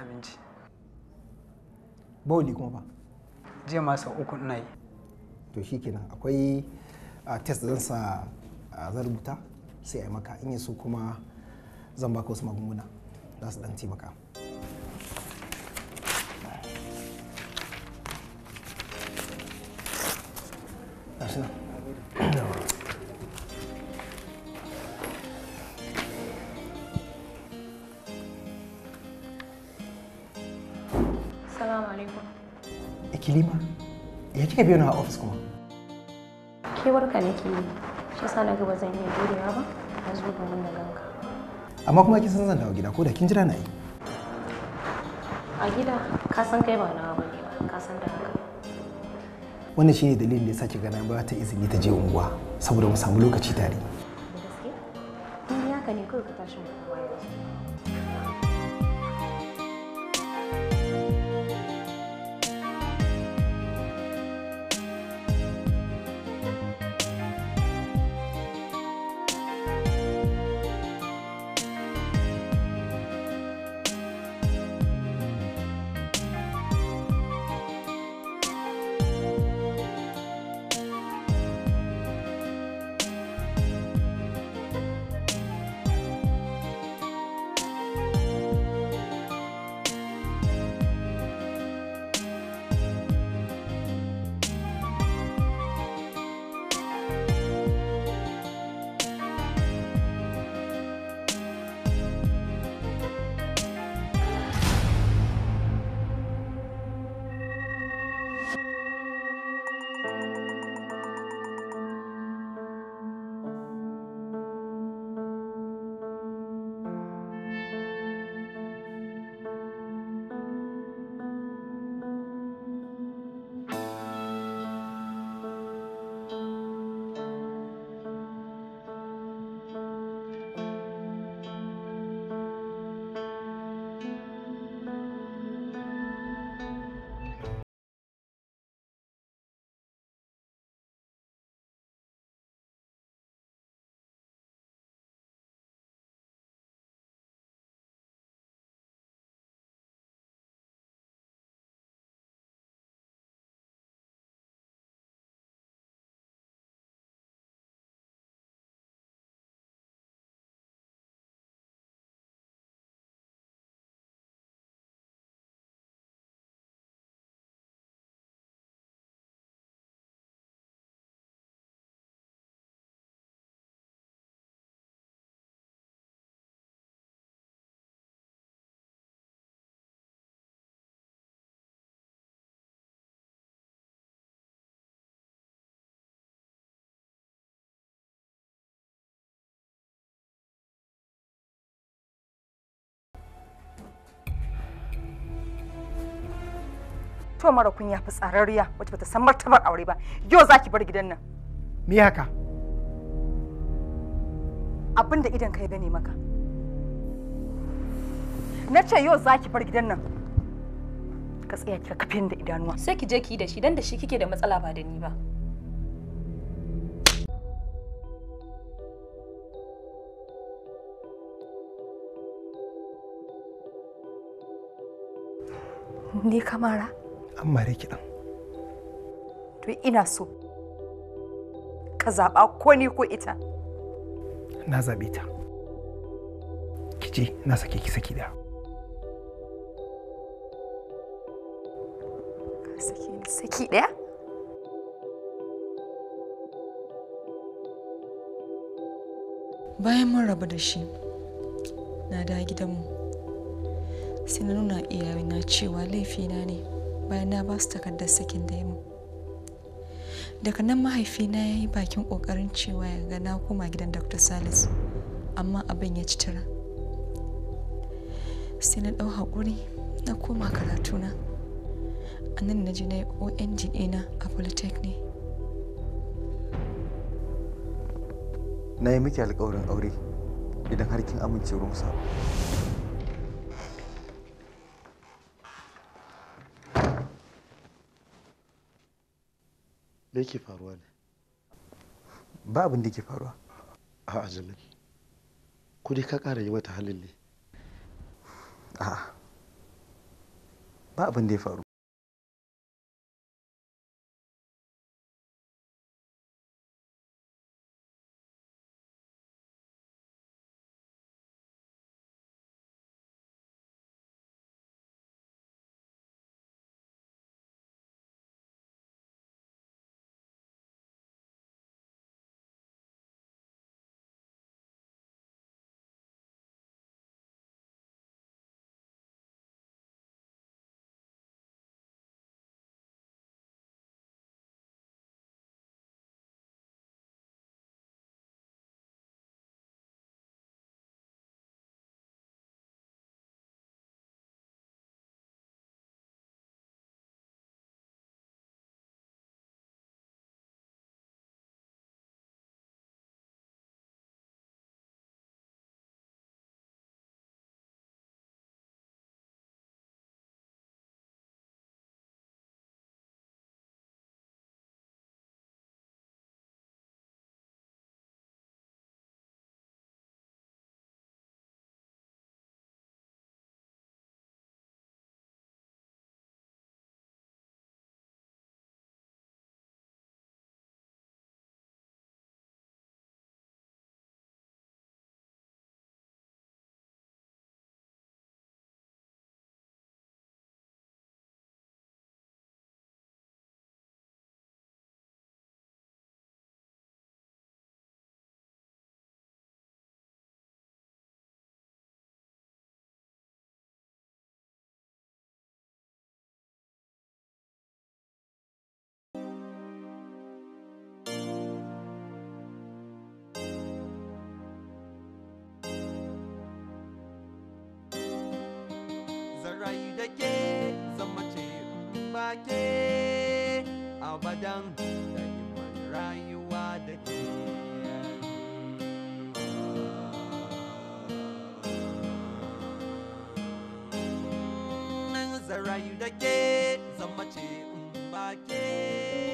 abinci bawali kuma ba jiya masa sau uku ina yi to shi kenan akwai ah, test zan sa ah, zan rubuta sai a yi maka in so kuma zan baka wasu magunguna za su dan taimaka That's Kilima, ya kika biyo na a ofis kuma? Kewarka nake yi, shi sa na gaba zan iya jurewa ba, na zo ga na ganka. Amma kuma kin san zan dawo gida ko da kin jira na yi. A gida, ka san kai ba nawa ne ba, ka san da haka. Wannan shine dalilin da ya sake gana ba ta izini ta je unguwa saboda mu samu lokaci tare. Gaskiya? In ya ne kawai ka tashi mu kuma yanzu. to mara kunya fi tsararriya wacce bata san martabar aure ba yau zaki bar gidan nan me haka abinda idan ka ya gane maka na ce yau zaki bar gidan nan ka tsaya kika kafe da idanuwa sai ki je ki da shi dan da shi kike da matsala ba da ni ba ni kamara an mare ki ɗan. To ina so. Ka zaɓa ko ni ko ita. Na zaɓe ta. Ki je na sake ki saki da. Saki saki ɗaya? Bayan mun rabu da shi, na da gidanmu. Sai na nuna iyayena cewa laifina ne. bayan na ba su takardar sakin da yamma. daga nan mahaifina ya yi bakin kokarin cewa ya ga na koma gidan dr salisu amma abin ya ci tara sai na ɗau haƙuri na koma karatuna a nan na ji na yi ong na a polytechnic na yi miki alkawarin aure idan har kin amince rumsa me yake faruwa ne ba abin da ke faruwa a ajiyar ku dai ka kara yi mata halin ne a'a ba abin da ya faru rayu da ke san mace ba ke abadan da himan rayuwa da ke rayu da sama zama ce in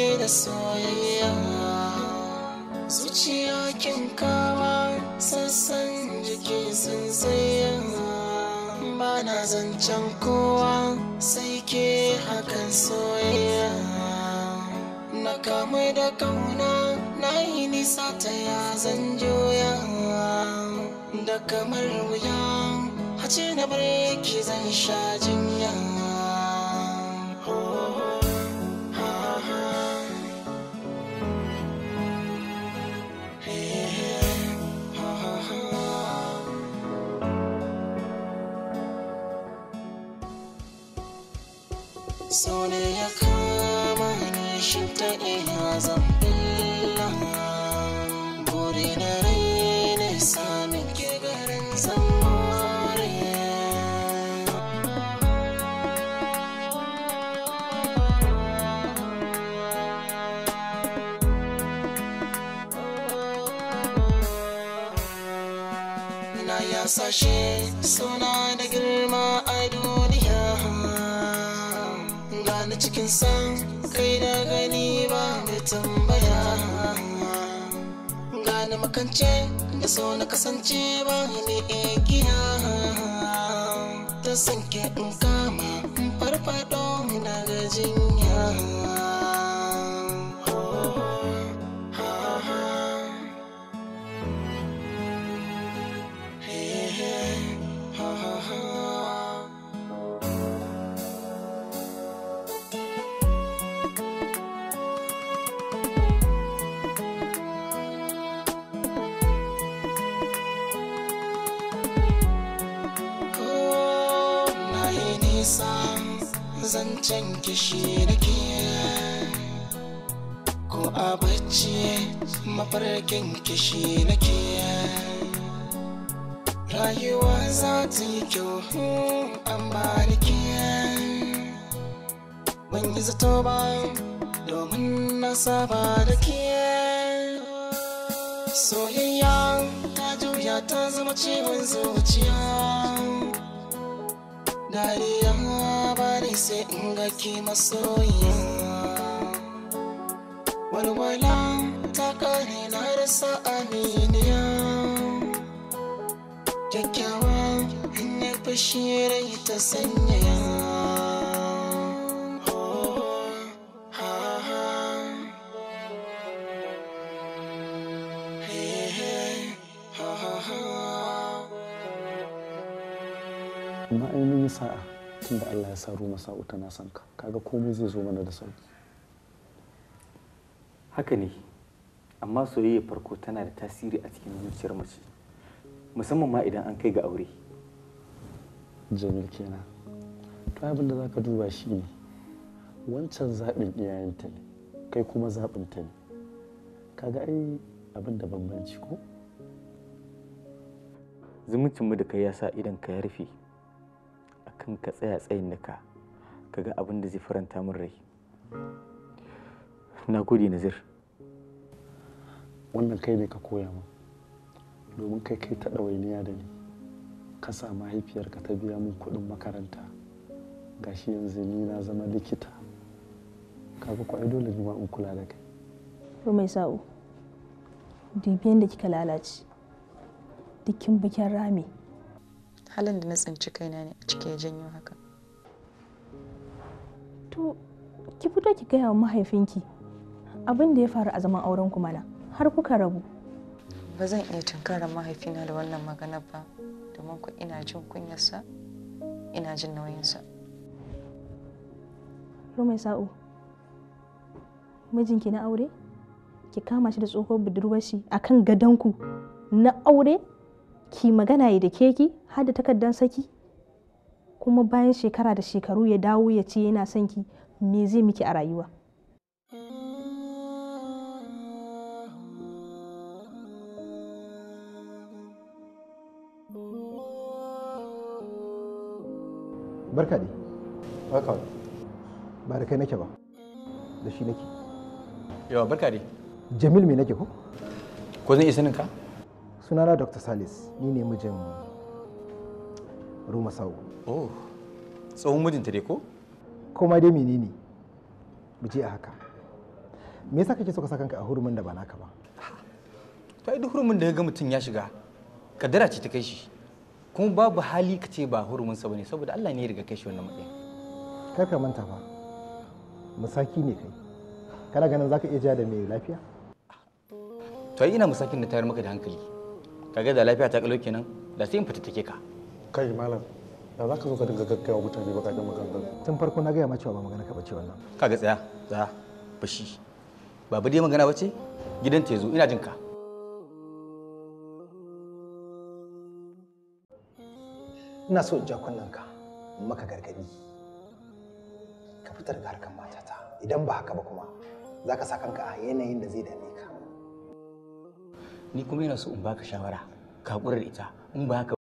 ke da soyayya zuciya kin kawa sassan jiki sun zayyana ba na zancen kowa sai ke hakan soyayya na kamai da kauna na yi nisa ta ya zan joya da kamar wuya hace na ki zan shaji kance da so na kasance ba ne giya ta sanke ɗinka nisa zancen kishi da ke ko a bacci mafarkin kishi da ke rayuwa za ta yi kyau amma da ke ban yi zato ba domin na saba da ke soyayya ta juya ta zama ciwon zuciya dariya bari sai in ga ki masoyiya walwala ta kare na rasa aminiya kyakkyawa hanyar fashe rai ta sanya sa'a da Allah ya sa masa sa'u tana son ka kaga komai zai zo mana da sauki haka ne amma soyayya farko tana da tasiri a cikin zuciyar mace musamman ma idan an kai ga aure jamil kenan to abin da zaka duba shi ne wancan zaɓin iyayenta ne kai kuma zaɓin ta ne kaga ai abin da bambanci ko zumuncin mu da kai ya sa idan ka ya rufe Kan ka tsaya tsayin daka ka ga abin da zai faranta min rai na gode nazir wannan kai ne ka koya min domin kai kai ta ɗawainiya da ni ka sa mahaifiyarka ta biya min kuɗin makaranta gashi yanzu ni na zama likita Ka ga kwai dole ne ma in kula da kai to mai sa'o dubiyan da kika lalace dukkin bikin rami halin da na tsinci kaina ne a ciki ya janyo haka to ki fito ki gaya wa mahaifinki abin da ya faru a zaman auren ku mana har kuka rabu ba zan iya tunkarar mahaifina da wannan magana ba domin ku ina jin kunyarsa ina jin nauyinsa Rumai sa'o mijinki na aure ki kama shi da tsohon budurwar shi akan gadonku na aure ki magana ya da keki har da takardar saki kuma bayan shekara da shekaru ya dawo ya ce yana son ki me zai miki a rayuwa barka dai barka ba da kai nake ba da shi nake yawa barka dai jamil me nake ko ko zan isa ninka? ka sunana dr salis ni ne mijin ruma sau oh tsohon mijinta ne, ko koma dai menene mu je a haka me yasa kake so ka saka kanka a hurumin da ba naka ba to ai duk hurumin da ga mutum ya shiga kaddara ce ta kai shi kuma babu hali ka ce ba hurumin sa bane saboda Allah ne ya riga kai shi wannan mutum kar ka manta fa musaki ne kai kana ganin zaka iya ja da mai lafiya to ai ina musakin da tayar maka da hankali kage da lafiya ta kalo kenan da sai in fita take ka kai malam da za ka zo ka dinga gaggawa mutane ba ga maganganu tun farko na gaya ma cewa ba magana ka bace wannan kaga tsaya tsaya bashi ba ba dai magana bace gidan ta yazo ina jin ka ina so in ja kunnen ka maka gargadi ka fitar da harkar matata idan ba haka ba kuma za ka sa kanka a yanayin da zai dame ka ni kuma yana so in baka shawara ka haƙura ita in baka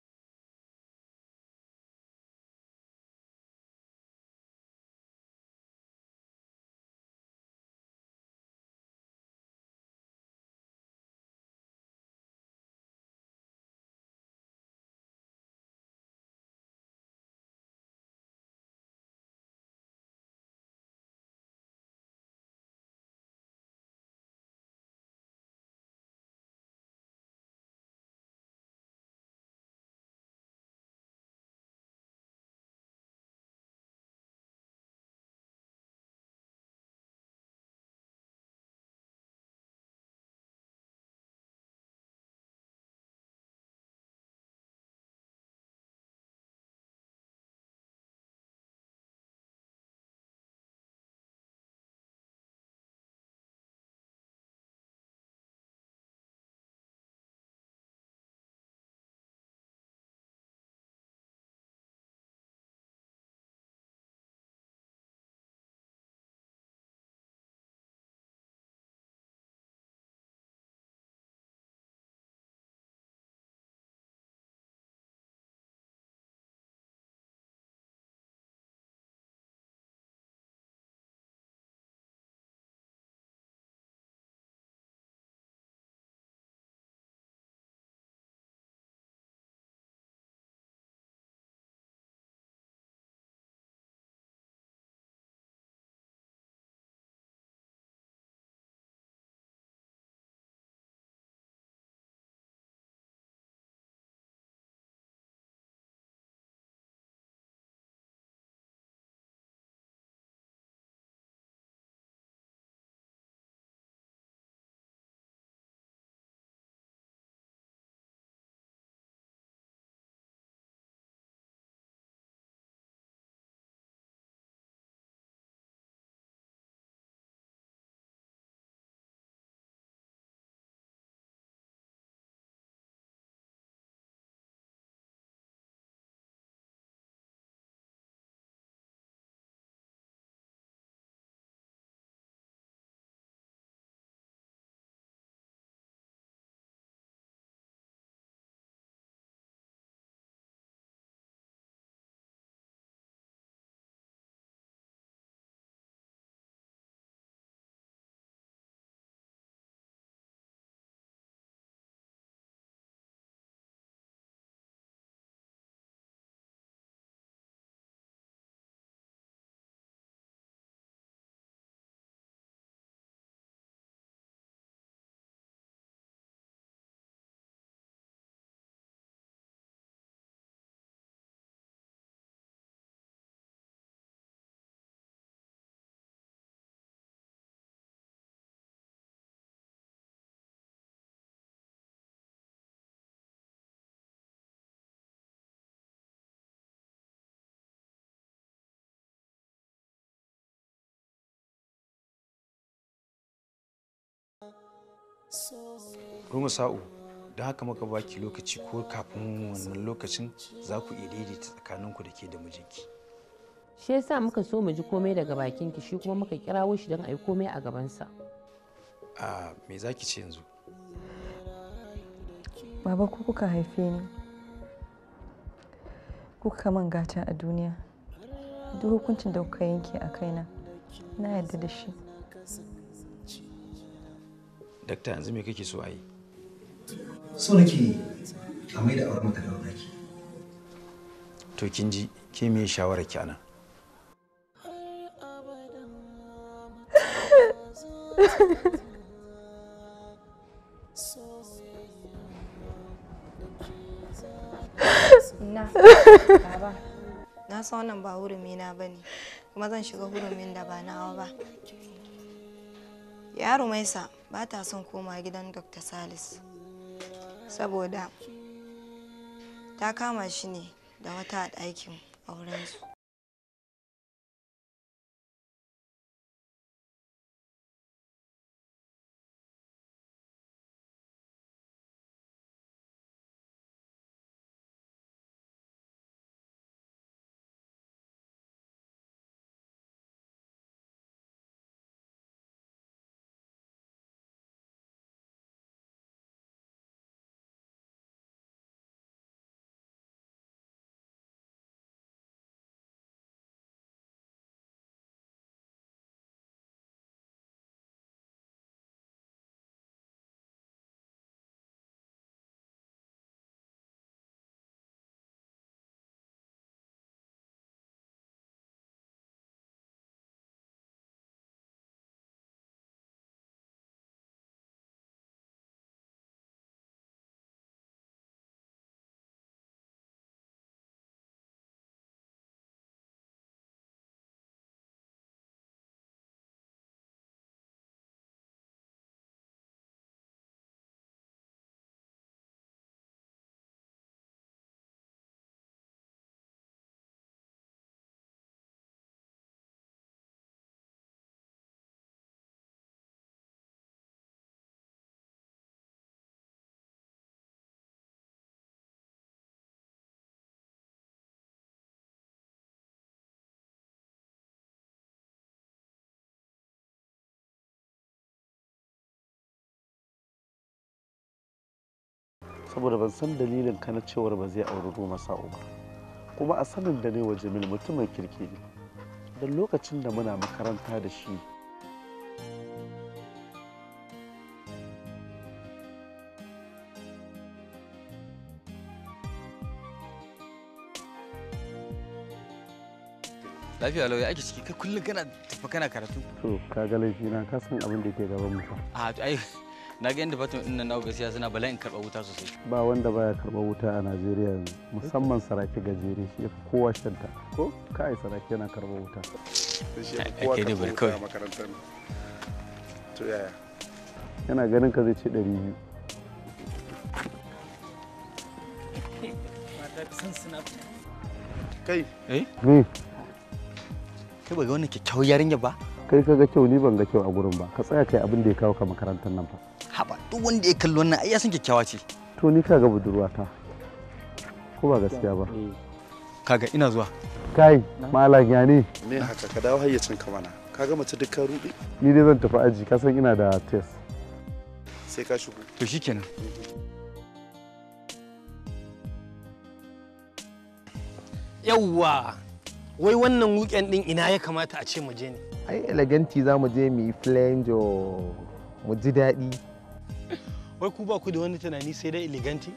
Ruma sa'u, don haka muka baki lokaci ko kafin wannan lokacin za ku iya daidaita tsakaninku da ke da mijinki. Shi yasa muka so mu ji komai daga bakinki shi kuma muka kirawo shi don a yi komai a gabansa. A me za ki ce yanzu? Baba ku kuka haife ni. Kuka man gata a duniya. Duk hukuncin da kuka yanke a kaina, na yarda da shi. dakta yanzu me kake so a yi so nake a mai da auren mata da ake. to kin ji ke me shawara ki anan na baba na san wannan ba hurumi na ne kuma zan shiga hurumin da ba nawa ba yaro maisa ba ta son koma gidan dr salis saboda ta kama shi ne da wata a aurensu saboda ban san dalilin ka na cewar ba zai auri Roma sa'o ba kuma a sanin da ne wa Jamil mutumin kirki ne don lokacin da muna makaranta da shi lafiya lauya ake ciki kai kullum kana tafi kana karatu to ga laifi na ka san abin da ke gaban mu fa a to ai na ga inda fatima na nan gaskiya suna bala'in karɓar wuta sosai ba wanda baya karɓar wuta a najeriya musamman sarake gajere shi ya kowa shanta ko kai sarake yana karɓar wuta ake da bari kawai yana ganin ka zai ce ɗari biyu kai eh kai ba ga wani kyakkyawar yarinya ba kai ka ga kyau ni ban ga kyau a gurin ba ka tsaya kai abin da ya kawo ka makarantar nan fa haba duk wanda ya kalli wannan ai ya san kyakkyawa ce to ni kaga budurwata ko ba gaskiya ba eh. kaga ina zuwa kai malam ya ne me haka ka dawo hayyacin ka mana kaga mace duk ka ni dai zan tafi aji ka san ina da test sai ka shigo to shikenan yawwa wai wannan weekend din ina ya kamata a ce mu je ne ai eleganti za mu je mu yi flange mu ji daɗi wai ku ba ku da wani tunani sai dai eleganti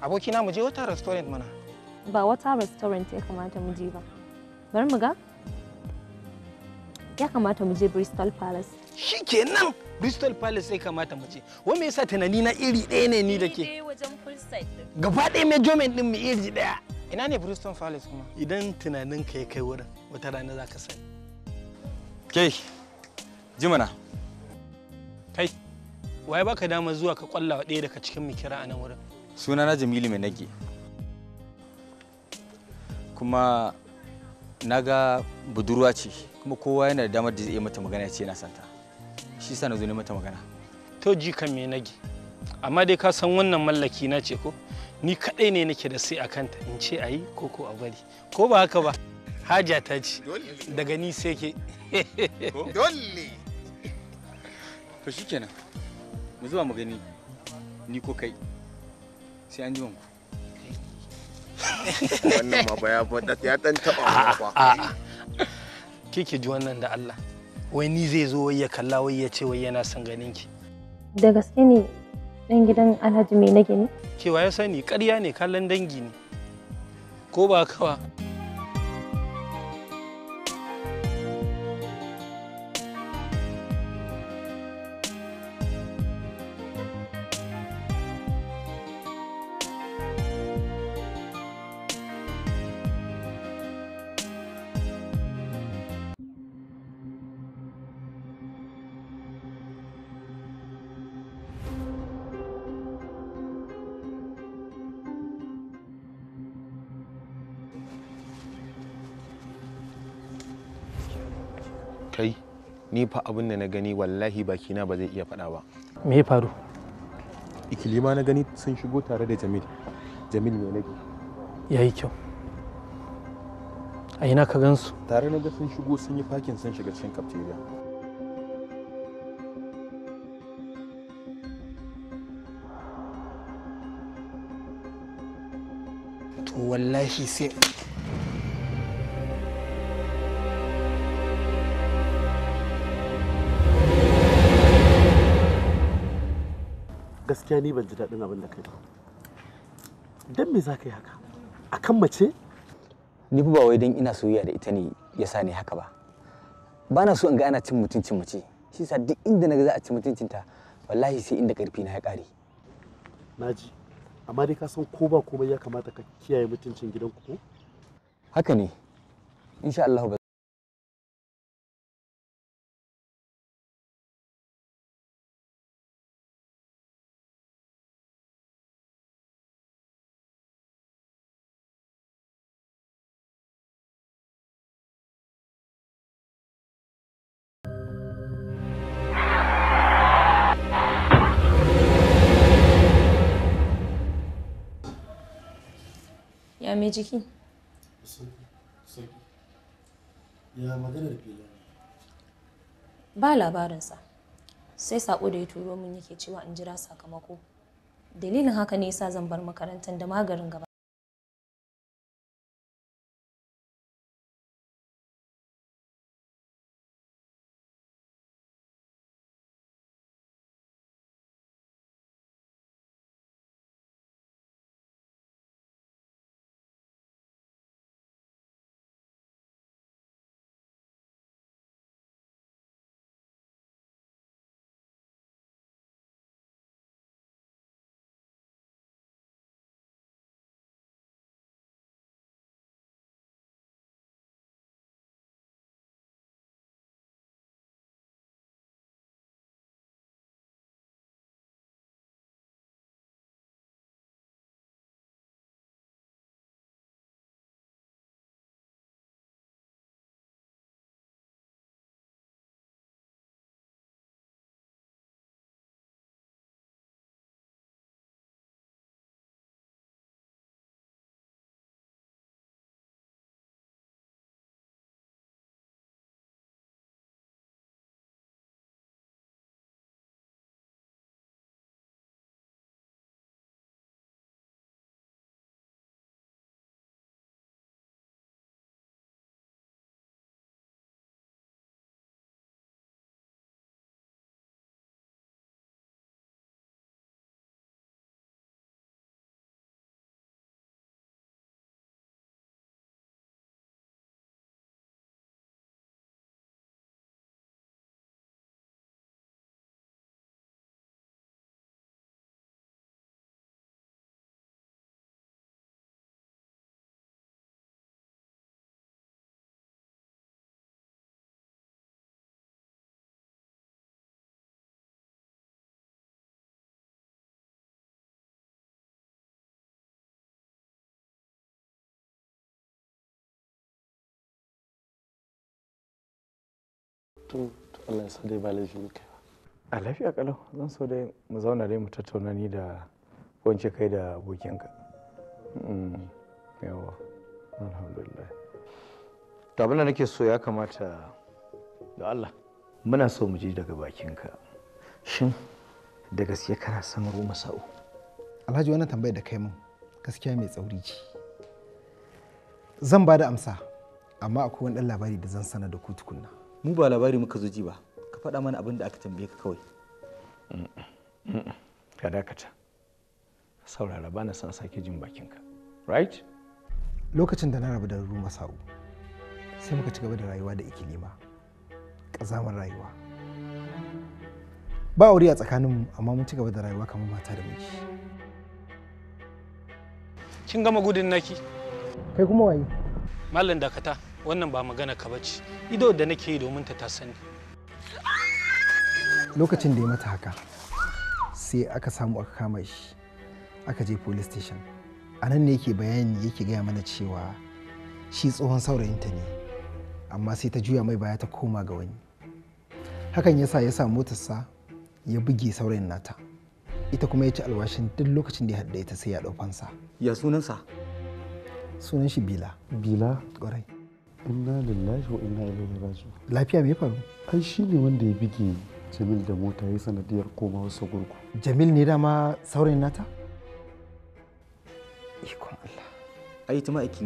abokina mu je wata restaurant mana ba wata restaurant ya kamata mu je ba bari mu ga ya kamata mu je bristol palace shikenan bristol palace ya kamata mu je wai me yasa tunani na iri ɗaya ne ni da ke gaba ɗaya measurement ɗin mu iri ɗaya ina ne bristol palace kuma idan tunanin ka ya kai wurin wata rana za ka sani kai jimana kai waye baka dama zuwa ka kwalla ɗaya daga cikin mu kira a nan wurin suna na jamilu mai nage kuma na ga budurwa ce kuma kowa yana da damar da zai mata magana ce yana santa shi sa na zo ne mata magana to ji kan mai nage amma dai ka san wannan mallaki na ce ko ni kadai ne nake da sai a kanta in ce a yi ko ko a bari ko ba haka ba haja ta ce daga ni sai ke dole [LAUGHS] to shikenan mu zuba mu gani ni ko kai sai an ji mu wannan ma baya bada ya dan taba ba kike ji wannan da Allah wai ni zai zo wai ya kalla wai ya ce wai yana son ganin ki da gaske ne dan gidan Alhaji mai na gini wa ya sani ƙarya ne kallon dangi ne ko ba kawa ni fa abin da na gani wallahi bakina ba zai iya faɗa ba me ya faru ikilima na gani sun shigo tare da jamil jamil mai nage ya yi kyau a ina ka gansu tare na ga sun shigo sun yi fakin sun shiga cikin kafteriya to wallahi sai gaskiya ni ban ji daɗin abin da kai ba don me za ka yi haka akan mace ni ba wai don ina soyayya da ita ne ya sa ni haka ba ba na so in ga ana cin mutuncin mace shi sa duk inda naga ga za a ci mutuncinta wallahi sai inda karfi na ya ƙare naji amma dai ka san ko ba komai ya kamata ka kiyaye mutuncin gidanku ko haka ne insha Allah ya mai jiki ya maganar ba labarinsa sai sako da ya turo min yake cewa in jira sakamako dalilin haka ne ya sa zan bar makarantar da magarin gaba to Allah dai ba laifi a lafiya kalau zan so dai mu zauna dai mu tattauna ni da wance kai da abokinka mm, yawa alhamdulillah to abin da nake so ya kamata da Allah muna so mu ji daga bakinka shin da gaske kana son Roma Sa'u Alhaji wannan tambayar da kai mun gaskiya mai tsauri ce zan ba da amsa amma akwai wani dan labari da zan sanar da ku tukunna mu ba labari muka zo ji ba ka faɗa mana abin da aka tambaye ka kawai ka dakata saurara ba na son sake jin bakinka right lokacin da na rabu da ruma sa'u sai muka ci gaba da rayuwa da ikilima ƙazamar rayuwa ba aure a tsakaninmu amma mun ci gaba da rayuwa kamar mata da miji kin gama gudun naki kai kuma waye mallan dakata wannan ba magana ka bace ido da nake yi domin ta ta sani lokacin da ya mata haka sai aka samu aka kama shi aka je police station a nan ne yake bayani yake gaya mana cewa shi tsohon saurayinta ne amma sai ta juya mai baya ta koma ga wani hakan yasa ya sa motarsa ya buge saurayin nata ita kuma ya ci alwashin duk lokacin da ya haɗa ita sai ya ɗau ya sunansa sunan shi bila bila ƙwarai inna lillahi wa inna ilaihi raji'un lafiya me faru ai shine wanda ya bige jamil da mota ya sanadiyar koma wasu gurgu jamil ne dama saurayin nata ikon allah ai ta ma'aiki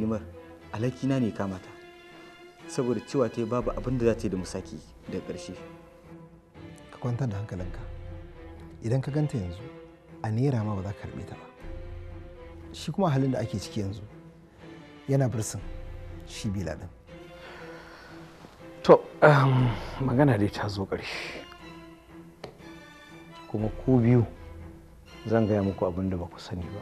alaki na ne kama ta saboda cewa ta babu abin da za ta yi da musaki da ƙarshe ka kwantar da hankalinka idan ka ganta yanzu a naira ma ba za ka karɓe ta ba shi kuma halin da ake ciki yanzu yana birsin shi bila ɗin to ehm, magana dai ta zo ƙarshe kuma ku biyu zan gaya muku abin da ba ku sani ba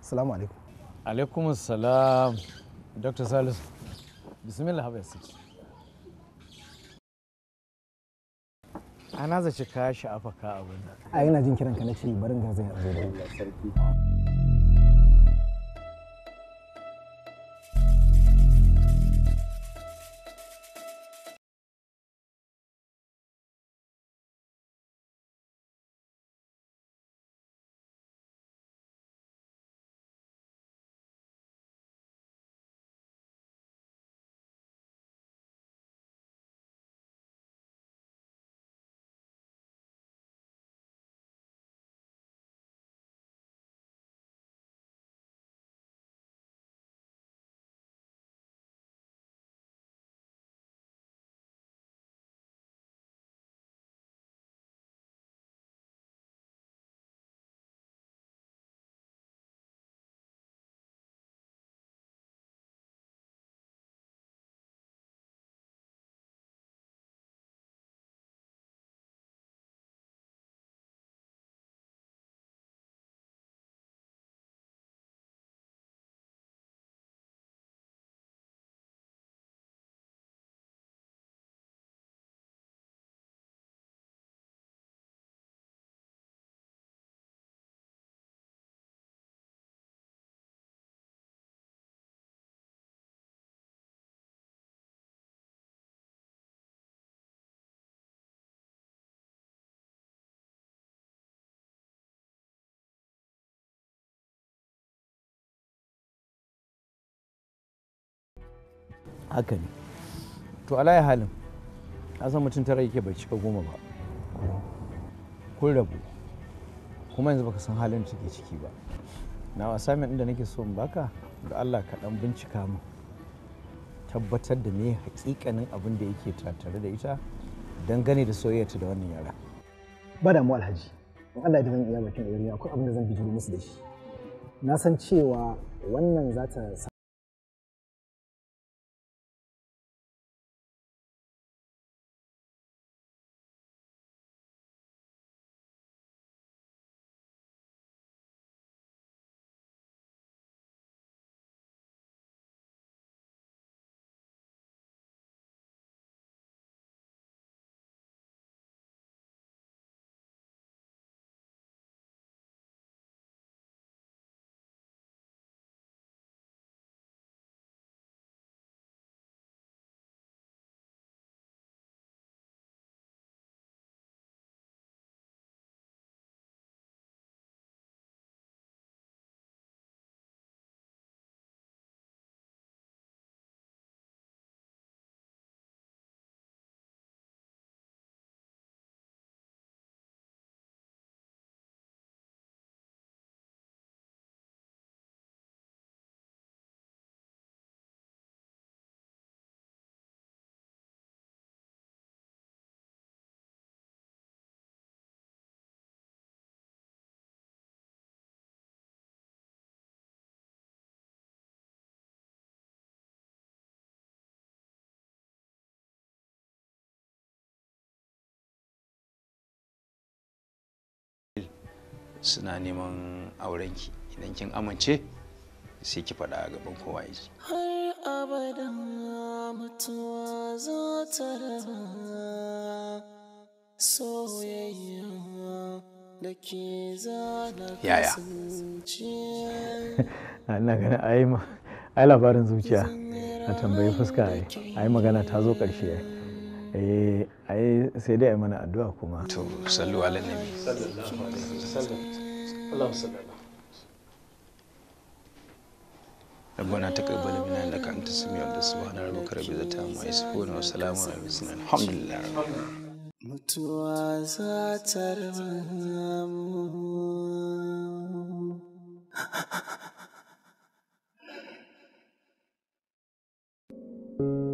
salamu alaikum. Alaikum salam Dr. Salisu. Bismillah habaisu. ana zaci ka afaka ka abin a yana jin kiranka na ce barin garzaya a zo da sarki haka ne to alayi halin a san mutum tara yake bai cika goma ba kun rabu kuma yanzu baka san halin da take ciki ba na assignment ɗin inda nake so in baka ga Allah kaɗan bincika mu tabbatar da me hakikanin abin da yake tattare da ita don gani da soyayyarta da wannan yara ba da mu alhaji in Allah ya zan iya bakin akwai abin da zan bijiro musu da shi na san cewa wannan za ta suna neman aurenki idan kin amince sai ki faɗa a gaban kowa ya ji har abada mutuwa zo ta raba soyayya da ke zana yaya [LAUGHS] ah, ina ganin ai labarin zuciya a tambayi fuska ai ai magana ta zo ƙarshe eh ai sai dai a mana addu'a kuma to sallu ala nabi sallallahu alaihi wasallam ربنا تقبل منا انك انت السميع سبحان ربك رب العزه عما يصفون وسلام على المرسلين الحمد لله mutuwa za ta thank you [LAUGHS]